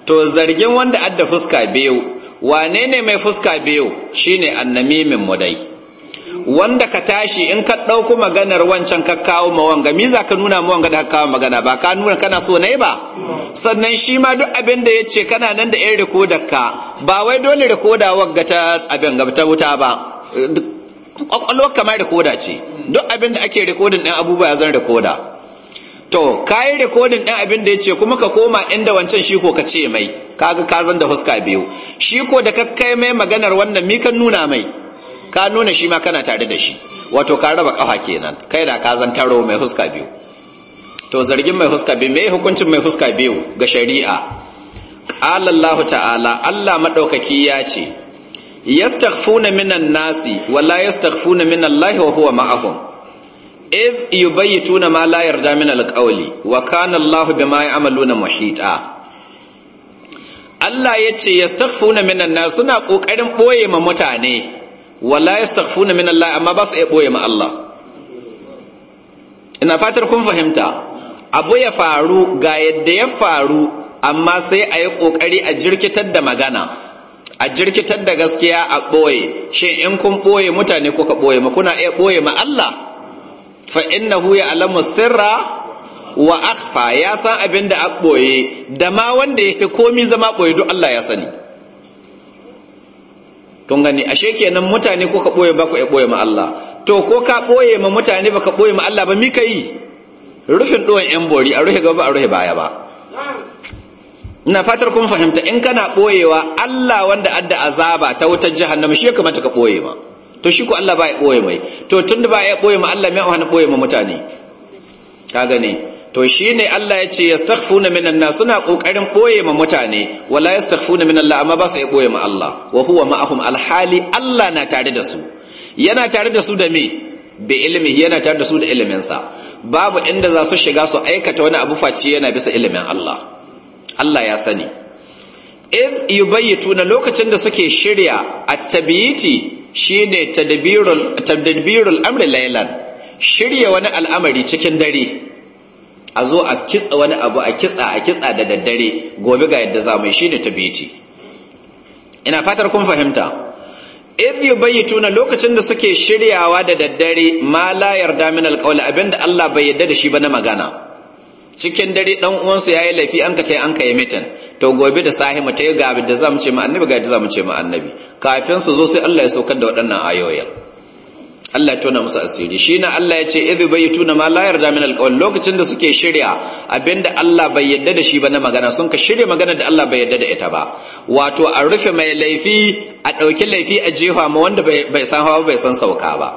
[SPEAKER 1] to zargin wanda adda fuska biyu wane ne mai fuska biyu shine annamimin mu dai wanda ka tashi in ka ɗauku maganar wancan ka kawo ma wanga mi za ka nuna ma wanga da kawo magana ba ka nuna kana so ne ba sannan shi ma duk abin da ya ce kana nan da yan rikodar ba wai dole rikoda wagga ta abin ga ta wuta ba kwakwalwa kamar rikoda ce duk abin da ake rikodin ɗin abubuwa ya zan rikoda to kayi rikodin ɗin abin da ya ce kuma ka koma inda wancan shiko ko ka ce mai kaga ka zan da huska biyu Shiko da ka kai mai maganar wannan mi kan nuna mai ka nuna shi ma kana tare da shi wato ka raba kafa kenan kai da ka zan taro mai huska biyu to zargin mai huska biyu mai hukuncin mai huska biyu ga shari'a qala Allah ta'ala Allah madaukaki ya ce yastaghfuna minan nasi wala yastaghfuna Allah wa huwa ma'ahum iz yubayituna ma la yarda min alqawli wa kana Allah bima ya'maluna muhita Allah ya ce yastaghfuna minan nasi suna kokarin boye ma mutane wala yastaghfuna Allah amma ba su iya boye ma Allah ina fatar kun fahimta abu ya faru ga yadda ya faru amma sai a yi kokari a jirkitar da magana a jirkitar da gaskiya a ɓoye shin in kun ɓoye mutane kuka ɓoye ma kuna iya ɓoye ma Allah fa innahu ya alamu sirra wa akhfa ya san abin da a ɓoye da ma wanda ya fi komi zama ɓoye duk Allah ya sani Tun gani ashe kenan mutane kuka ɓoye ba ku iya ɓoye ma Allah to ko ka ɓoye ma mutane baka ɓoye ma Allah ba mi ka yi rufin ɗuwan yan bori a rufe gaba a rufe baya ba ina fatar kun fahimta in kana boyewa Allah wanda adda azaba ta wutar jahannama shi ya kamata ka boye ma to shi ko Allah ba ya boye mai to tunda ba ya boye ma Allah mai wani boye ma mutane ka gane to shi ne Allah ya ce yastaghfuna minan nas suna kokarin boye ma mutane wala yastaghfuna min Allah amma ba su boye ma Allah wa huwa ma'ahum alhali Allah na tare da su yana tare da su da me bi ilmi yana tare da su da iliminsa babu inda za su shiga su aikata wani abu face yana bisa ilimin Allah Allah ya sani If iz tuna lokacin da suke shirya a tabiyiti shi ne tadbirul amri laylan shirya wani al'amari cikin dare a zo a kitsa wani abu a kitsa a kitsa da daddare gobe ga yadda za mu shi ne ina fatar kun fahimta If idh tuna lokacin da suke shiryawa da daddare ma la yarda min alqawl abinda Allah bai yarda da shi ba na magana cikin dare dan uwansu yayi laifi an ka tai an ka yi mitan to gobe da sahi mu tai gabi da zamu ce mu annabi ga da zamu ce mu annabi kafin su zo sai Allah ya saukar da waɗannan ayoyin Allah ya tona musu asiri shi na Allah ya ce idh bayituna ma la yarda min alqawl lokacin da suke shirya abinda Allah bai yarda da shi ba na magana sun ka shirya magana da Allah bai yarda da ita ba wato a rufe mai laifi a dauki laifi a jefa ma wanda bai san hawa bai san sauka ba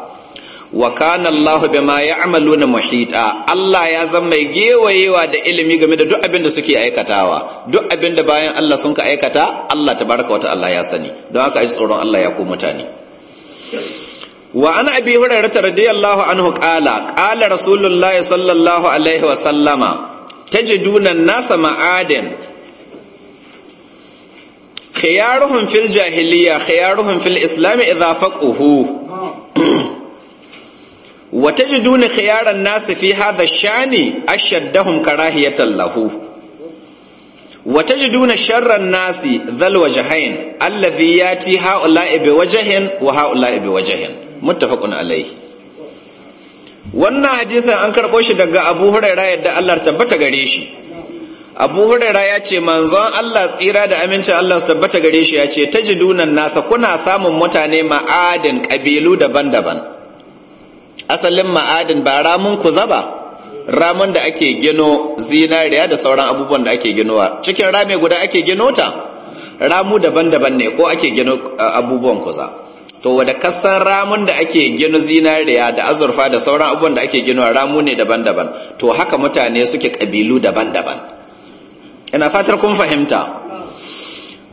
[SPEAKER 1] wa kana Allahu bima ya'maluna muhita Allah ya zama mai gewayewa da ilimi game da duk abin da suke aikatawa duk abin da bayan Allah sun ka aikata Allah tabaraka wa ta'ala ya sani don haka ai tsoron Allah ya ku mutane wa an abi hurairah radiyallahu anhu qala qala rasulullahi sallallahu alaihi wa sallama tajiduna nasa ma'adin khiyaruhum fil jahiliya khiyaruhum fil islam idha faqahu wa tajiduna khiyaran nas fi hadha shani ashaddahum karahiyatan lahu wa tajiduna sharran nas dhal wajhain alladhi yati haula'i bi wajhin wa haula'i bi wajhin muttafaqun alayhi wannan hadisin an karɓo shi daga abu huraira yadda allah tabbata gare abu hurera ya ce manzon allah tsira da amincin allah su tabbata gare shi ya ce ta ji nasa kuna samun mutane ma'adin ƙabilu daban-daban asalin ma'adin ba ramun kuza ba Ramun da ake gino zinariya da sauran abubuwan da ake ginowa cikin rame guda ake gino ta ramu daban-daban ne ko ake gino uh, abubuwan kuza to wadda kasar ramun da ake gino zinariya da azurfa da sauran abubuwan da ake ginowa ramu ne daban-daban to haka mutane suke kabilu daban-daban ina fatar kun fahimta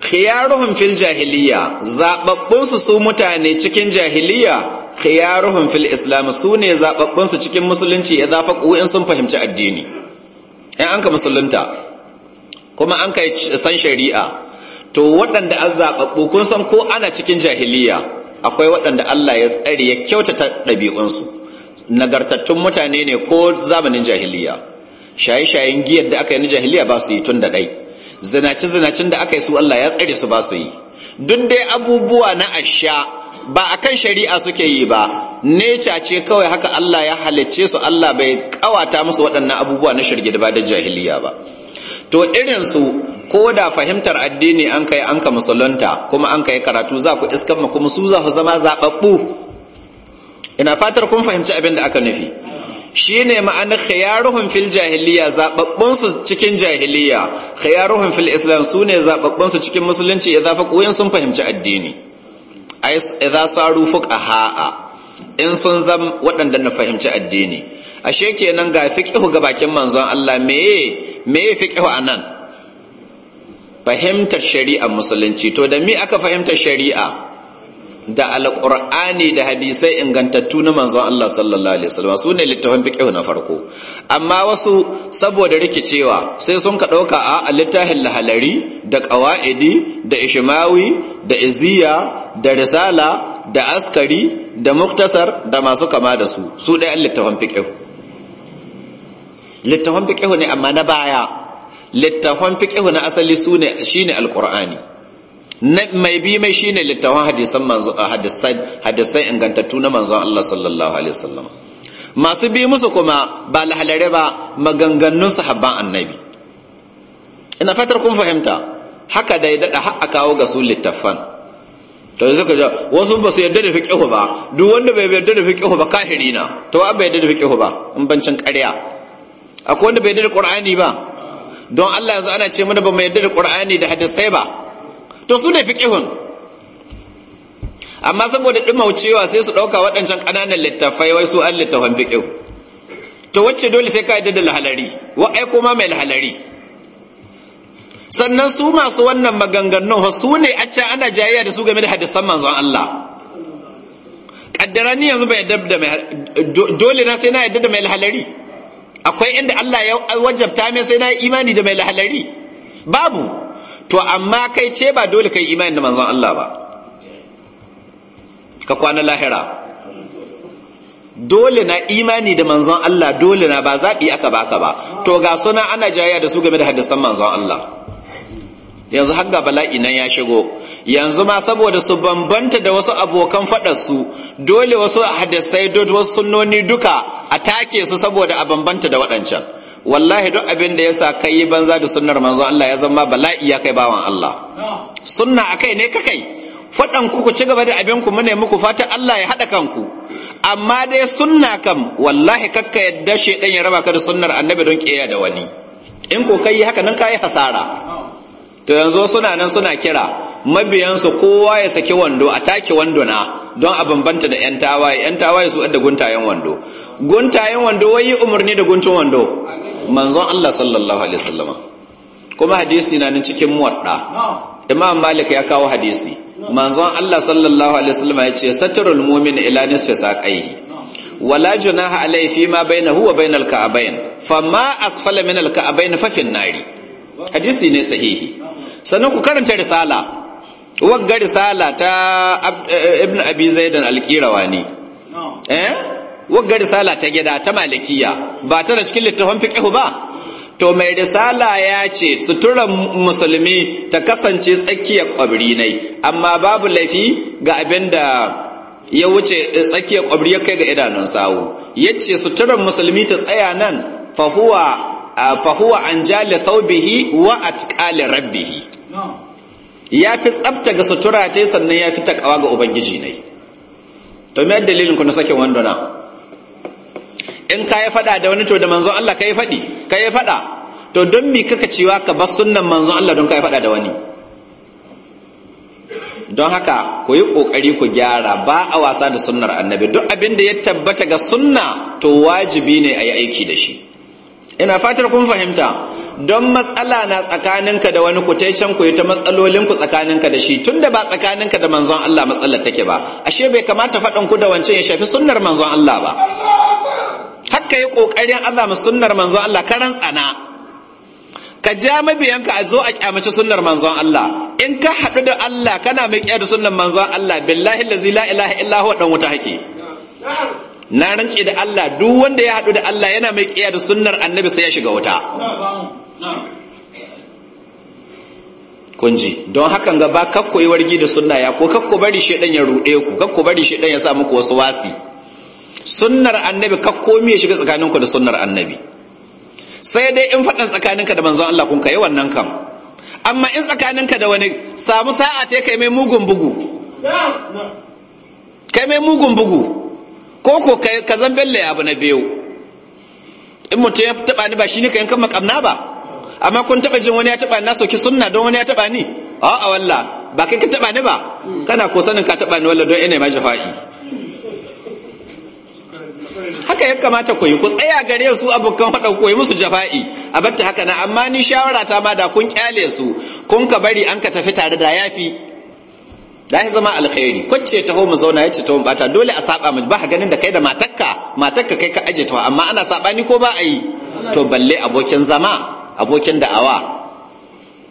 [SPEAKER 1] khiyaruhum fil jahiliya zababbun su su mutane cikin jahiliya khiyaruhum fil islam su ne zababbun su cikin musulunci ya zafa in sun fahimci addini in an ka musulunta kuma an ka san shari'a to waɗanda an zaɓaɓɓu kun san ko ana cikin jahiliya akwai waɗanda Allah ya tsare ya kyautata ɗabi'unsu nagartattun mutane ne ko zamanin jahiliya shaye-shayen giyar da aka yi na jahiliya ba su yi tun da ɗai zinaci-zinacin da aka yi su Allah ya tsare su ba su yi duk dai abubuwa na asha ba a kan shari'a suke yi ba neca ce kawai haka Allah ya halicce su Allah bai kawata musu waɗannan abubuwa na shirgid ba da jahiliya ba to irin ko da fahimtar addini an kai an ka musulunta kuma an kai karatu za ku iskan kuma su za ku zama zaɓaɓɓu ina fatar kun fahimci abin da aka nufi shi ne ma'anar khiyaruhun fil jahiliya zaɓaɓɓunsu cikin jahiliya khiyaruhun fil islam su ne zaɓaɓɓunsu cikin musulunci ya zafa ƙoyin sun fahimci addini idza saru ha'a? in sun zam waɗanda na fahimci addini ashe kenan ga fiqhu ga bakin manzon Allah meye meye a anan fahimtar shari'ar musulunci to da mi aka fahimtar shari'a da alƙur'ani da hadisai ingantattu na manzon Allah sallallahu alaihi wasallam su ne littafin fiqh na farko amma wasu saboda rikicewa sai sun ka ɗauka a littafin lahalari da qawaidi da ishmawi da iziya da risala da askari da muktasar da masu kama da su su ɗaya littafin fiqh littafin fiqh ne amma na baya littafin fiqh na asali su ne shine alƙur'ani mai bi mai shine littafin hadisan manzo hadisai ingantattu na manzo Allah sallallahu alaihi wasallam masu bi musu kuma ba lahalare ba maganganun sahabban annabi ina fatar kun fahimta haka dai dada haka kawo ga su littafan to yanzu ka wasu ba su yarda da fiqhu ba duk wanda bai yarda da fiqhu ba kafiri na to ba yarda da fiqhu ba in bancin ƙarya akwai wanda bai yarda da qur'ani ba don Allah yanzu ana ce mana ba mai yarda da qur'ani da hadisai ba to su ne fiƙihun amma saboda cewa sai su ɗauka waɗancan ƙananan littafai wai su an littafan fiƙiu to wacce dole sai ka yi da lahalari wa ai kuma mai lahalari sannan su masu wannan maganganun su ne a can ana jayayya da su game da hadisan manzon Allah kaddara ni yanzu bai yadda da mai dole na sai na yadda da mai lahalari akwai inda Allah ya wajabta mai sai na imani da mai lahalari babu to amma kai ce ba dole kai imani da manzon Allah ba ka kwana lahira dole na imani da manzon Allah dole na ba zaɓi aka baka ba to ga suna ana jayayya da su game da hadisan manzon Allah yanzu har ga bala'i nan ya shigo yanzu ma saboda su bambanta da wasu abokan su dole wasu hadisai wasu sunnoni duka a take su saboda a bambanta da waɗancan wallahi duk abin da yasa kai yi banza da sunnar manzo Allah ya zama bala'i ya kai bawan Allah sunna akai ne kakai fadan ku ku ci gaba da abin ku mune muku fata Allah ya haɗa kanku amma dai sunna kam wallahi kakka yadda shedan ya raba ka da sunnar annabi don kiyaya da wani in ko kai haka nan kai hasara to yanzu suna nan suna kira mabiyansu kowa ya saki wando a take wando na don a bambanta da 'yan tawaye 'yan tawaye su da guntayen wando guntayen wando wai yi umarni da guntun wando manzon Allah sallallahu alaihi wasallama kuma hadisi na nan cikin muwadda imam malik ya kawo hadisi manzon Allah sallallahu alaihi wasallama ya ce satrul mu'min ila nisfi saqaihi wala junaha alai fi ma bainahu wa bainal ka'abain fama asfala min al ka'abain fa fin nari hadisi ne sahihi sannan ku karanta risala wagga risala ta eh, ibn abi al alqirawani eh wagga risala ta gida ta malikiya ba ta da cikin littafin fiqhu ba to mai risala ya ce suturan musulmi ta kasance tsakiyar kwabri nai amma babu laifi ga abinda da ya wuce eh, tsakiyar kwabri ya kai ga idanun sawu ya ce suturan musulmi ta tsaya nan fahuwa an jali thaubihi wa atqali rabbihi ya fi tsabta ga sutura ta sannan ya fi takawa ga ubangiji ne to me dalilin ku na sakin na? in ka yi faɗa da wani to da manzon Allah ka yi faɗi ka yi faɗa to don mi kaka cewa ka bar sunnan manzon Allah don ka yi faɗa da wani don haka ku yi ƙoƙari ku gyara ba a wasa da sunnar annabi duk abin da ya tabbata ga sunna to wajibi ne a yi aiki da shi ina fatar kun fahimta don matsala na tsakaninka da wani ku can ku yi ta matsalolinku tsakaninka da shi tunda ba tsakaninka da manzon Allah matsalar take ba ashe bai kamata faɗan ku da wancan ya shafi sunnar manzon Allah ba ka yi ƙoƙarin azama sunnar manzo Allah ka rantsana ka ja mabiyanka a zo a kyamaci sunnar manzo Allah in ka haɗu da Allah kana mai da sunnar manzo Allah billahi la ilaha illa huwa dan wuta hake na rance da Allah duk wanda ya haɗu da Allah yana mai da sunnar annabi sai ya shiga wuta kunji don hakan gaba kakko yi wargi da sunna ya ko kakko bari shedan ya ruɗe ku kakko bari shedan ya sa muku wasu wasi sunnar annabi ka komi ya shiga tsakaninku da sunnar annabi sai dai in faɗan tsakaninka da manzon Allah kun kai wannan kam amma in tsakaninka da wani samu sa'a ta kai mai mugun bugu kai mai mugun bugu ko ko ka zan abu na biyu in mutum ya taɓa ni ba shi ne ka kan makamna ba amma kun taɓa jin wani ya taɓa na soki sunna don wani ya taɓa ni a'a walla ba kai ka taɓa ni ba kana ko sanin ka taɓa ni walla don ina ma jafa'i haka ya kamata ku yi ku tsaya gare su abokan faɗa ku yi musu jafa'i a batta haka na amma ni shawara ta ma da kun kyale su kun ka bari an ka tafi tare da yafi da ya zama alkhairi kwacce taho mu zauna yace taho mu bata dole a saba mu ba ganin da kai da matakka matakka kai ka aje ta amma ana sabani ko ba a yi to balle abokin zama abokin da'awa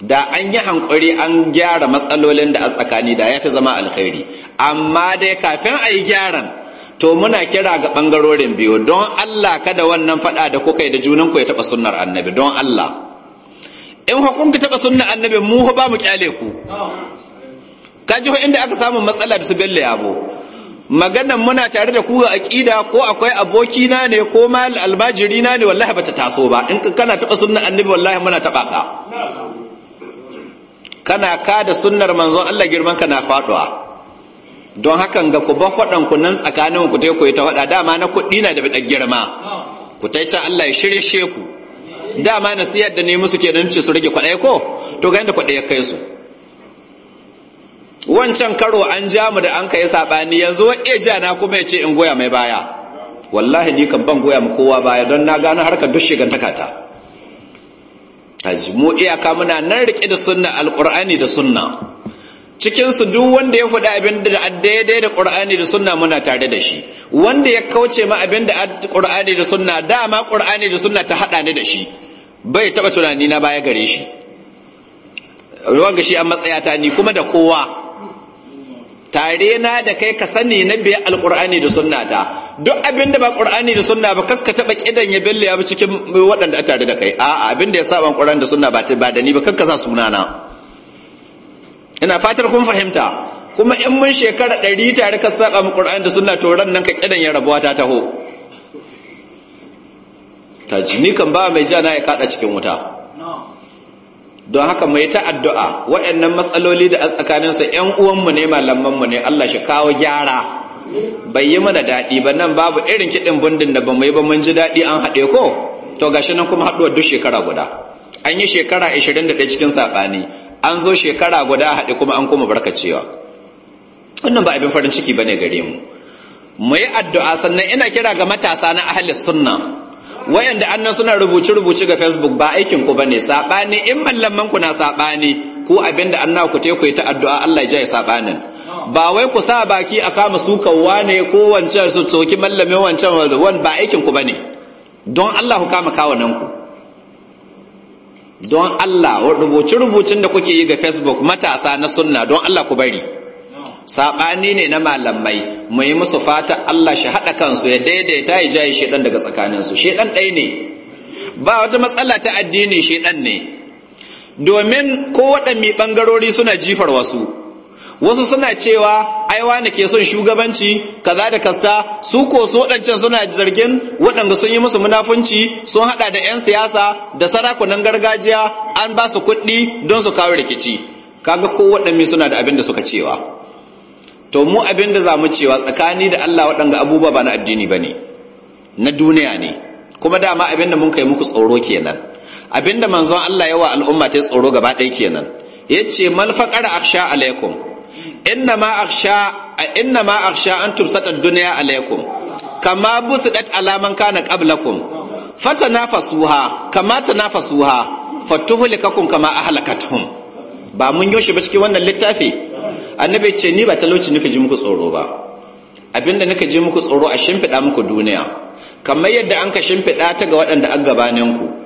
[SPEAKER 1] da an yi hankuri an gyara matsalolin da a tsakani da ya fi zama alkhairi amma dai kafin a yi gyaran to muna kira ga bangarorin biyu don Allah kada wannan faɗa da kuka yi da junan ku ya taba sunnar annabi don Allah in hukun ka taɓa sunnar annabi mu ba mu kyale ku ka ji inda aka samu matsala da su bella yabo maganan muna tare da ku ga aƙida ko akwai aboki na ne ko mal albajiri na ne wallahi bata taso ba in kana taɓa sunnar annabi wallahi muna taɓa ka kana ka da sunnar manzon Allah girman ka na faɗuwa don hakan ga ku ba ku nan tsakanin ku ta ku ta faɗa dama na kuɗi na da bidan girma ku ta can Allah ya shirye ku dama na siyar da ne musu ke kenan ce su rage kwaɗai ko to ga yadda kwaɗai ya kai su wancan karo an ja mu da an kai saɓani yanzu wa iya ja na kuma ya ce in goya mai baya wallahi ni kan ban goya mu kowa baya don na gano harka duk takata. ta mu iyaka muna nan rike da sunna alqur'ani da sunna cikinsu duk wanda ya faɗi abin da daidai da ƙur'ani da sunna muna tare da shi wanda ya kauce ma abin da ƙur'ani da sunna dama ƙur'ani da sunna ta haɗa ni da shi bai taɓa tunani na baya gare shi ruwan gashi an matsayata ni kuma da kowa tare na da kai ka sani na biya alƙur'ani da sunna ta duk abin da ba ƙur'ani da sunna ba kakka taɓa ƙidan ya bille ya cikin waɗanda a tare da kai a'a abin da ya saban ƙur'ani da sunna ba da ni ba kakka sa sunana ina fatar kun fahimta kuma in mun shekara ɗari tare ka saka mu ƙur'ani da suna to nan ka kidan ya rabuwa ta taho ni kan ba mai jana ya kada cikin wuta don haka mai ta addu'a waɗannan matsaloli da a tsakaninsu ‘yan uwanmu ne malaman mu ne Allah shi kawo gyara bai yi mana daɗi ba nan babu irin kiɗin bundin da ba mai ba mun ji daɗi an haɗe ko to gashi nan kuma haɗuwa duk shekara guda an yi shekara 21 cikin saɓani an zo shekara guda haɗe kuma an koma barka cewa wannan ba abin farin ciki ne gare mu mu yi addu'a sannan ina kira ga matasa na ahli sunna wayanda annan suna rubuce rubuce ga facebook ba aikin ku bane sabani in mallaman ku na sabani ko abinda annan ku te ku yi ta addu'a Allah ya ji sabanin ba wai ku sa baki a kama su kawwa ne ko wancan su tsoki mallamin wancan ba aikin ku bane don Allah ku kama kawo ku don Allah rubuce-rubucin da kuke yi ga facebook matasa na sunna don Allah ku bari saɓani ne na malamai mu yi musu fata Allah shi haɗa kansu ya daidaita ya jaye shedan daga tsakaninsu shedan ɗai ne ba wata matsala ta addini shedan ne domin ko waɗanne ɓangarori suna jifar wasu wasu suna cewa aiwa wani ke son shugabanci kaza da kasta su ko so waɗancan suna zargin waɗanda sun yi musu munafunci sun haɗa da 'yan siyasa da sarakunan gargajiya an ba su kuɗi don su kawo rikici kaga ko waɗanne suna da abin da suka cewa to mu abin da za mu cewa tsakani da Allah waɗanda abubuwa ba na addini ba ne na duniya ne kuma dama abin da mun kai muku tsoro kenan abin da manzon Allah yawa al'umma ta tsoro gaba ɗaya kenan yace 'Malfakar akhsha alaikum inna ma akhsha inna akhsha an tubsata ad-dunya alaykum kama busidat alaman man kana qablakum fatanafasuha kama tanafasuha fatuhlikakum kama a ahlakatuhum ba mun shi ba cikin wannan littafi annabi ce ni ba talauci nika ji muku tsoro ba abinda nika ji muku tsoro a shimfiɗa muku duniya kamar yadda an ka shimfiɗa ta ga waɗanda an gabaninku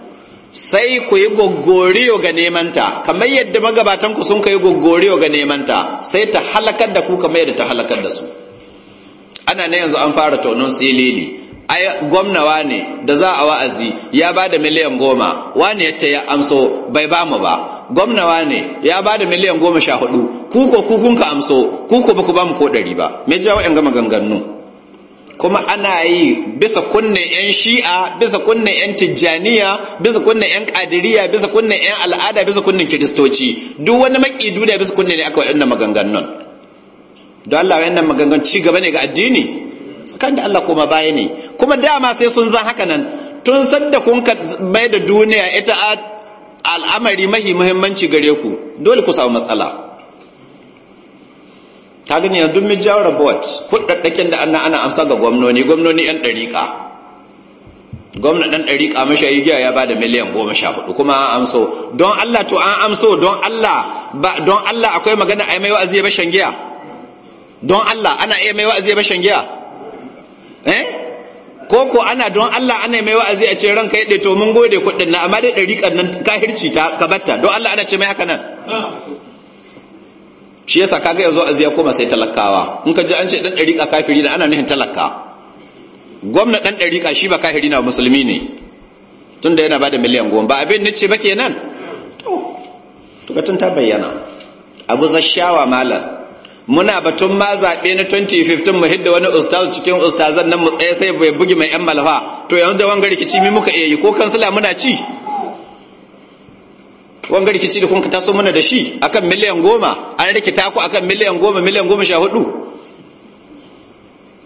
[SPEAKER 1] sai ku yi goggoriyo ga nemanta kamar yadda magabatan ku sun ka yi goggoriyo ga nemanta sai ta halakar da ku kamar yadda ta halakar da su ana na yanzu an fara tonon silili ai gwamnawa ne da za a wa'azi ya ba da miliyan goma ne yadda ya amso bai ba mu ba gwamnawa ne ya ba da miliyan goma sha hudu kuko kukunka amso kuko ba ku ba mu ko ɗari ba me jawo yan gama ganganu kuma ana yi bisa kunna 'yan shi'a bisa kunna 'yan tijjaniya bisa kunna 'yan kadiriya bisa kunna 'yan al'ada bisa kunna kiristoci duk wani maki duniya bisa kunne ne aka wa waɗannan maganganun don Allah waɗannan maganganun ci gaba ne ga addini kan da Allah kuma baya ne kuma dama sai sun zan haka nan tun da kun ka mai da duniya ita al'amari mahi muhimmanci gare ku dole ku samu matsala ka gani yanzu jawo rabot, kudaddakin da ana ana amsa ga gwamnoni gwamnoni yan ɗariƙa gwamna ɗan ɗariƙa mashayi giya ya bada miliyan goma sha hudu kuma an amso don allah to an amso don allah ba don allah akwai magana a yi mai wa'azi ya bashan giya don allah ana iya mai wa'azi ya bashan giya eh ko ko ana don allah ana mai wa'azi a ce ran ka ya to mun gode kuɗin na amma dai ɗariƙan nan kahirci ta kabatta don allah ana ce mai haka nan shi yasa kaga yanzu aziya ya koma sai talakawa in ka ji an ce dan dariƙa kafiri da ana nihin talaka gwamna dan dariƙa shi ba kafiri na musulmi ne tunda yana bada miliyan goma ba abin nace ba kenan to to tun ta bayyana abu zashawa malam muna batun ma zaɓe na 2015 mu hidda wani ustaz cikin ustazan nan mu tsaye sai bai bugi mai yan malafa, to yanzu da wanga rikici mi muka iya yi ko kansila muna ci wanga rikici da kun taso mana da shi akan miliyan goma an rike ku akan miliyan goma miliyan goma sha hudu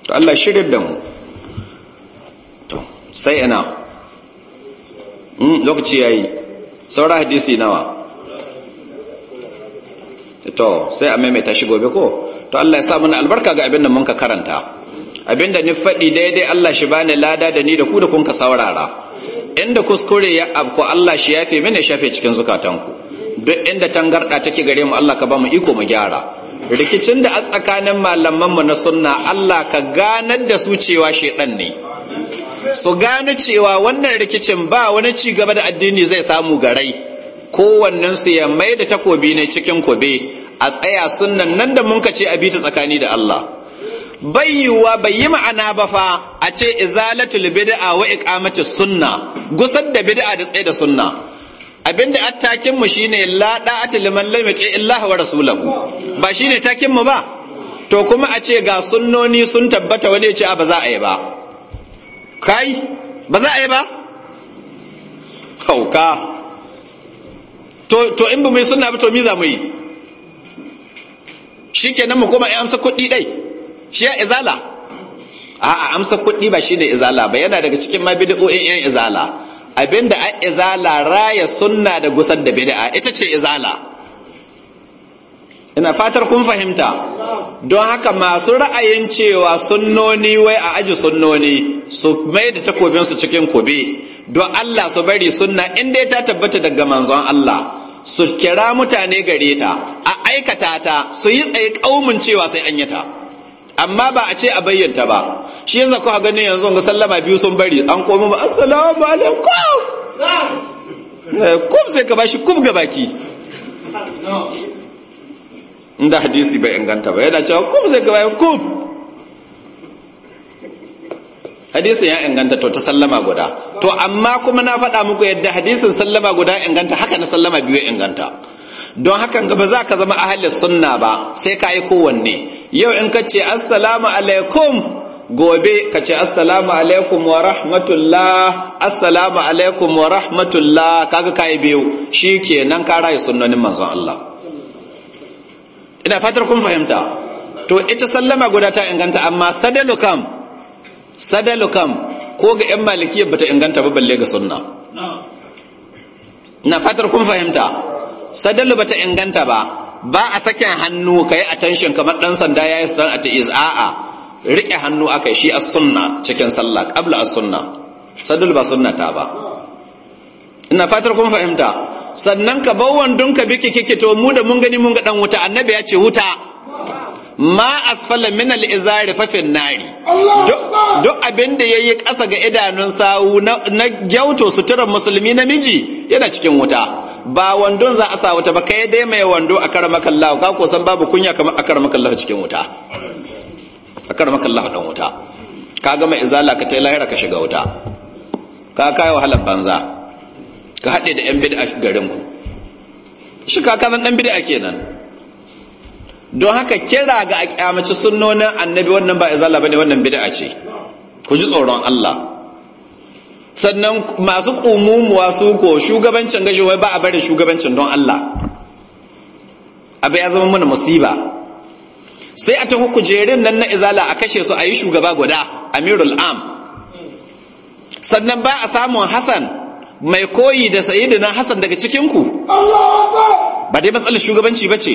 [SPEAKER 1] to Allah shirin da mu to sai ina hmm, lokaci ya yi saura hadisi nawa to sai a maimaita shi gobe ko to Allah ya sa mana albarka ga abin da mun ka karanta abin da ni faɗi daidai Allah shi bani lada da ni da ku da kun ka saurara inda kuskure ya abku Allah shi yafe ya shafe cikin zukatanku duk inda tangarɗa take gare mu Allah ka ba mu iko mu gyara rikicin da a tsakanin malaman mu na sunna Allah ka ganar da su cewa shedan ne su gane cewa wannan rikicin ba wani ci gaba da addini zai samu garai kowannen su ya mai da takobi ne cikin kobe a tsaya sunnan nan da mun ka ce a ta tsakani da Allah bayyuwa bai yi ma'ana ba fa a ce izalatul bid'a wa iqamati sunna gusar da bid'a da tsaye da sunna abinda attakin mu shine la da'atul liman lam yuti illah wa rasulahu ba shine takin mu ba to kuma a ce ga sunnoni sun tabbata wani ya ce a ba za a yi ba kai ba za a yi ba Kauka. to to in ba mu yi sunna ba to mi za mu yi shikenan mu kuma ai amsa kuɗi dai shi ya izala a'a amsa kuɗi ba shi ne izala ba yana daga cikin ma bid'o'in yan izala abinda a izala raya sunna da gusar da bid'a ita ce izala ina fatar kun fahimta don haka masu ra'ayin cewa sunnoni wai a aji sunnoni su mai da takobin su cikin kube don Allah su bari sunna in dai ta tabbata daga manzon Allah su kira mutane gare ta a aikata ta su yi tsaye kaumin cewa sai an yi ta amma ba a ce a bayyanta ba shi yasa kuka gani yanzu ga sallama biyu sun bari an koma ba assalamu alaikum eh, kum sai ka bashi kum ga baki inda hadisi bai inganta ba yana cewa kuf sai ka bashi kum hadisi ya inganta to ta sallama guda to amma kuma na faɗa muku yadda hadisin sallama guda inganta haka na sallama biyu inganta don hakan ba za ka zama ahalin sunna ba sai ka yi kowanne yau in ka ce assalamu alaikum gobe ka ce assalamu alaikum wa rahmatullah assalamu alaikum wa rahmatullah kaga ka yi biyu shi ke nan ka rayu sunnonin manzon Allah ina fatar kun fahimta to ita sallama guda ta inganta amma sadalukam sadalukam ko ga 'yan malikiya bata inganta ba balle ga sunna na fatar kun fahimta sadallu bata inganta ba ba a sakin hannu kai attention kamar dan sanda yayi stand at is a'a rike hannu akai shi as sunna cikin sallah qabla as sunna sadallu ba sunnata ba ina fatar kun fahimta sannan ka bawon wandon ka biki kike to mu da mun gani mun ga dan wuta annabi ya ce wuta ma asfala min al-izari fafin nari duk abin da yayi kasa ga idanun sawu na gyauto suturar musulmi namiji yana cikin wuta ba wandon za a sa wuta ba kai dai mai wando a karama kallahu ka ko san babu kunya kamar a karama kallahu cikin wuta a karama kallahu dan wuta ka gama izala ka tai lahira ka shiga wuta ka kai wahalar banza ka haɗe da yan bid'a garin ku shi ka kan dan bid'a kenan don haka kira ga a kyamaci sunnonin annabi wannan ba izala bane wannan bid'a ce ku ji tsoron Allah sannan masu ƙumumuwa su ko shugabancin gashi wai ba a barin shugabancin don Allah abu ya zama mana musiba sai a ta kujerun nan na izala a kashe su a yi shugaba guda amirul am sannan ba a samun Hassan mai koyi da na Hassan daga cikinku ba dai matsalar shugabanci ba ce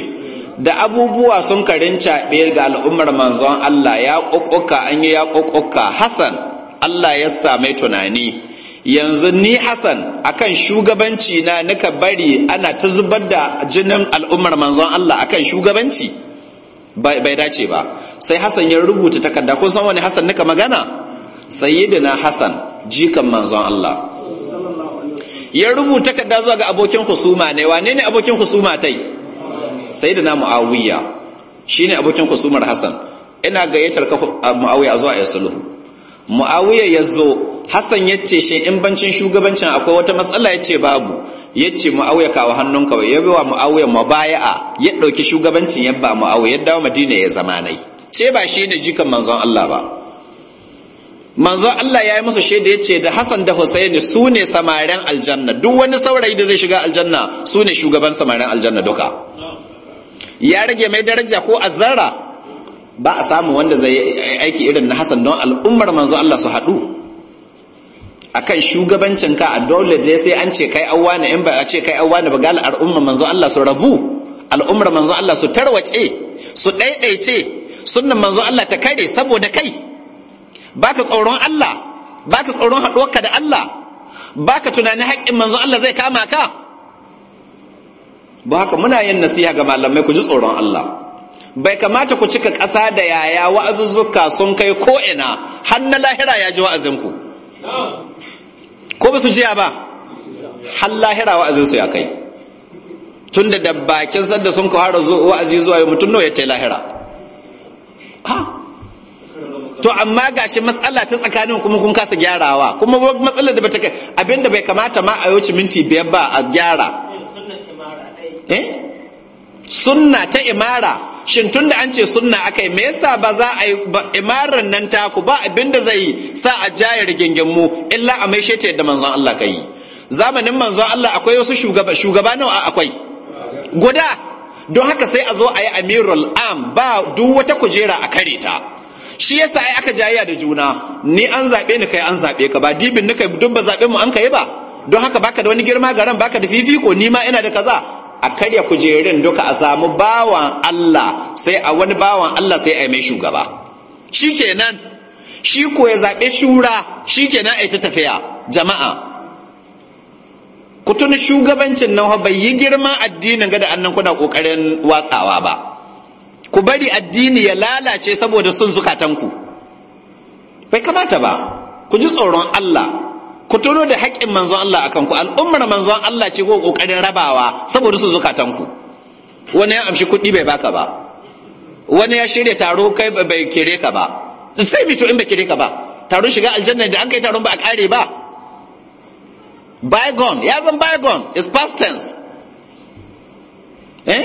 [SPEAKER 1] da abubuwa sun karin caɓe ga al'ummar manzon Allah ya ƙoƙoƙa an yi ya ƙoƙoƙa Hassan Allah ya same tunani yanzu ni Hassan akan shugabanci na nika bari ana ta zubar da jinin al'ummar manzon Allah akan shugabanci bai dace ba sai Hassan ya rubuta takarda kun san wani Hassan nika magana sayyidina Hassan jikan manzon Allah ya rubuta takarda zuwa ga abokin husuma ne wane ne abokin husuma tai sayyidina Muawiya shine abokin husumar Hassan ina gayyatar ka Muawiya zuwa ya sulhu Muawiya ya zo hassan ya ce shi in bancin shugabancin akwai wata matsala ya ce babu ya ce mu'awiya kawo hannun kawai ya biwa mu'awiya mabaya'a ya ɗauki shugabancin ya ba mu'awiya ya dawo madina ya zama nai ce ba shi ne jikan manzon Allah ba manzon Allah ya yi musu shaida ya ce da Hassan da Hussaini su ne samarin aljanna duk wani saurayi da zai shiga aljanna su ne shugaban samarin aljanna duka ya rage mai daraja ko azara ba a samu wanda zai aiki irin na Hassan don al'ummar manzon Allah su haɗu akan shugabancin ka a dole dai sai an ce kai awwa ne in ba a ce kai awwa ne ba gal al'umma manzo Allah su rabu al'ummar manzo Allah su tarwace su daidaice sunnan manzo Allah ta kare saboda kai baka tsoron Allah baka tsoron haɗuwarka da Allah baka tunanin haƙƙin manzo Allah zai kama ka ba haka muna yin nasiha ga malamai ku ji tsoron Allah bai kamata ku cika ƙasa da yaya wa'azuzzuka sun kai ko'ina har na lahira ya ji wa'azinku ko ba su jiya ba har lahira wa'azin ya kai tun da dabbakin sanda sun kawara wa'azi zuwa yau mutum nawa ya ta lahira to amma gashi matsala ta tsakanin kuma kun kasa gyarawa kuma matsalar da ta kai abinda bai kamata ma a yauci minti biyar ba a gyara eh sunna ta imara shin tun da an ce sunna aka yi me yasa ba za a yi imarar nan taku ba abinda zai yi sa a jayar mu illa a mai ta yadda manzon Allah ka yi zamanin manzon Allah akwai wasu shugaba shugaba nawa akwai guda don haka sai a zo a yi amirul am ba duk wata kujera a kare ta shi yasa ai aka jayayya da juna ni an zaɓe ni kai an zaɓe ka ba dibin ni kai duk ba zabe mu an kai ba don haka baka da wani girma garan baka da fifiko ni ma ina da kaza a karya kujerun duka a samu bawan Allah sai a wani bawan Allah sai a yi mai shugaba shikenan shi ko ya zaɓe shura shikenan a yi ta tafiya jama'a ku tuni shugabancin nan bai yi girman addinin ga da annan kuna ƙoƙarin watsawa ba ku bari addini ya lalace saboda sun zukatanku bai kamata ba ku ji tsoron Allah ku tuno da haƙƙin manzon Allah a ku al'ummar manzon Allah ce ko ƙoƙarin rabawa saboda su zukatanku. wani ya amshi kuɗi bai baka ba wani ya shirya taro kai bai kere ka ba sai mito in bai kere ka ba taron shiga aljanna da an kai taron ba a ƙare ba bygone ya zan bygone is past tense eh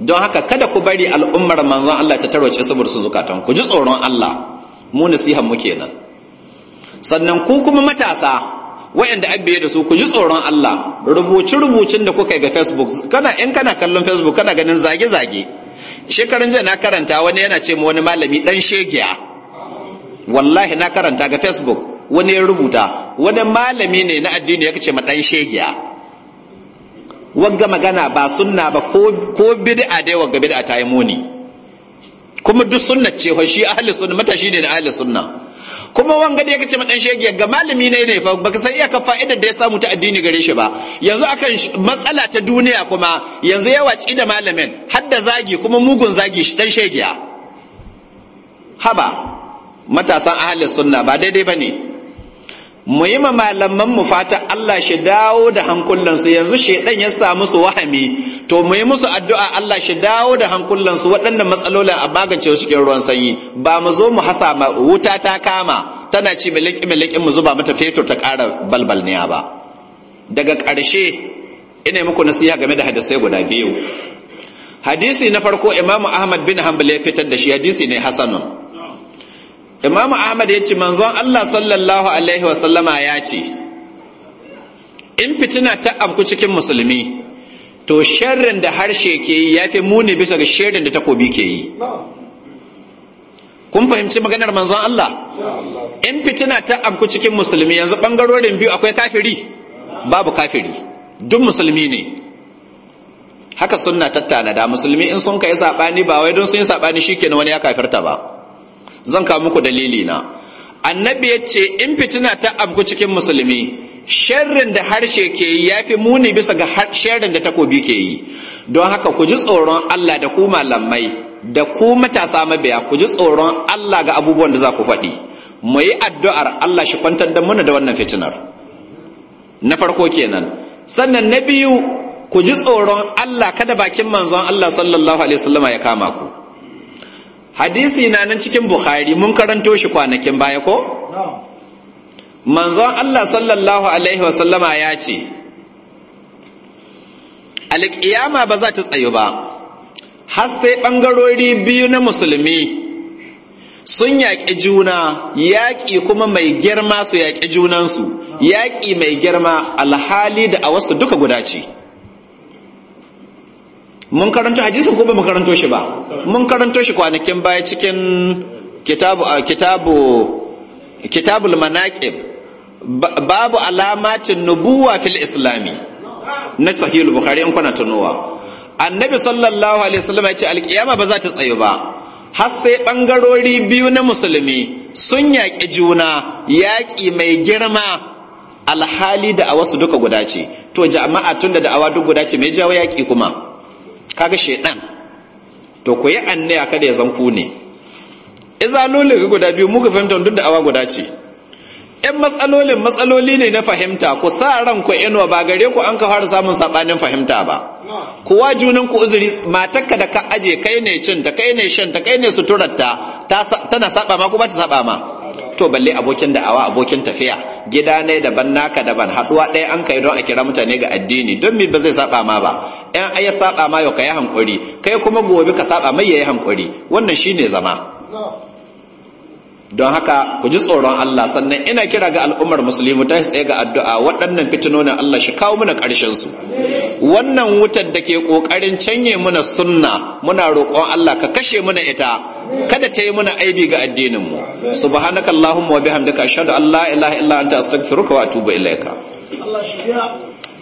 [SPEAKER 1] don haka kada ku bari al'ummar manzon Allah ta tarwace saboda su zukatanku, ji tsoron Allah mu nasiha mu kenan sannan ku kuma matasa wayanda abiye da su ku ji tsoron Allah rubuci rubucin da kuka yi ga Facebook kana in kana kallon Facebook kana ganin zage zage shekarun jiya na karanta wani yana ce wani malami dan shegiya wallahi na karanta ga Facebook wani ya rubuta wani malami ne na addini ya ce ma dan shegiya wagga magana ba sunna ba ko bid'a dai wagga bid'a ta yi muni kuma duk sunna ce shi ahli sunna matashi ne na ahli sunna kuma wanga da ya cewa madan shege ga malami ne ne fa baka san ka fa'idar da ya samu ta addini gare shi ba yanzu akan matsala ta duniya kuma yanzu ya waci da malamin har zagi kuma mugun zagi shi dan shegiya haba matasan ahlus sunna ba daidai bane mu yi ma malaman mu fata Allah shi dawo da hankulansu yanzu shedan ya sa musu wahami to mu yi musu addu'a Allah shi dawo da hankulansu waɗannan matsalolin a magance cikin ruwan sanyi ba mu zo mu hasa ma wuta ta kama tana ci miliki miliki mu zuba mata fetur ta ƙara balbalniya ba daga ƙarshe ina muku nasiha game da hadisai guda biyu hadisi na farko imamu ahmad bin hanbal ya fitar da shi hadisi ne hasanun imamu ahmad ya ce manzon allah sallallahu alaihi wasallama ya ce in fitina ta afku cikin musulmi to sharrin da harshe ke yi ya fi muni bisa ga sharrin da takobi ke yi kun fahimci maganar manzon allah in fitina ta afku cikin musulmi yanzu bangarorin biyu akwai kafiri babu kafiri duk musulmi ne haka sunna tattana da musulmi in sun kai sabani ba wai don sun yi saɓani shi wani ya kafirta ba zan kawo muku dalili na annabi ya ce in fitina ta afku cikin musulmi sharrin da harshe ke yi ya fi muni bisa ga sharrin da takobi ke yi don haka ku ji tsoron Allah da ku malamai da ku matasa mabiya ku ji tsoron Allah ga abubuwan da za ku faɗi mu yi addu'ar Allah shi kwantar da muna da wannan fitinar na farko kenan sannan na biyu ku ji tsoron Allah kada bakin manzon Allah sallallahu alaihi wasallama ya kama ku hadisi na nan cikin bukhari mun karanto shi kwanakin baya ko manzon allah sallallahu alaihi wasallama ya ce alƙiyama ba za ta tsayu ba har sai ɓangarori biyu na musulmi sun yaƙi juna yaƙi kuma mai girma su yaƙi junansu yaƙi mai girma alhali da a wasu duka guda ce mun karanto hadisin ko ba mu karanto shi ba mun karanto shi kwanakin baya cikin kitabu kitabu kitabul manaqib babu alamatin nubuwa fil islami na sahihul bukhari in kuna tunowa annabi sallallahu alaihi wasallam ya ce alkiyama ba za ta tsayu ba har sai bangarori biyu na musulmi sun yaƙi juna yaƙi mai girma alhali da a wasu duka guda ce to jama'a tunda da da'awa duk guda ce mai jawo yaƙi kuma kaga shaidan to ku yi annaya kada ya zan ku ne izalolin guda biyu muka fahimta duk da awa guda ce in matsalolin matsaloli ne na fahimta ku sa ran ku inuwa ba gare ku an ka fara samun sabanin fahimta ba kuwa junan ku uzuri matakka da ka aje kai ne cin ta kai ne shan ta kai ne suturar tana saba ma ku ba ta saba ma to balle abokin da'awa abokin tafiya gida ne daban naka daban haduwa ɗaya an kai don a kira mutane ga addini don mi ba zai saba ma ba ɗan ayya saɓa saba ma yau ka yi hankuri kai kuma gobe ka saba mai ya yi hankuri wannan shine zama don haka ku ji tsoron Allah sannan ina kira ga al'ummar musulmi ta tsaye ga addu'a waɗannan fitinonin Allah shi kawo muna ƙarshen su wannan wutar da ke ƙoƙarin canye mana sunna muna roƙon Allah ka kashe mana ita kada ta yi mana aibi ga addinin mu subhanakallahumma wa bihamdika ashhadu an la ilaha illa anta astaghfiruka wa atubu ilaika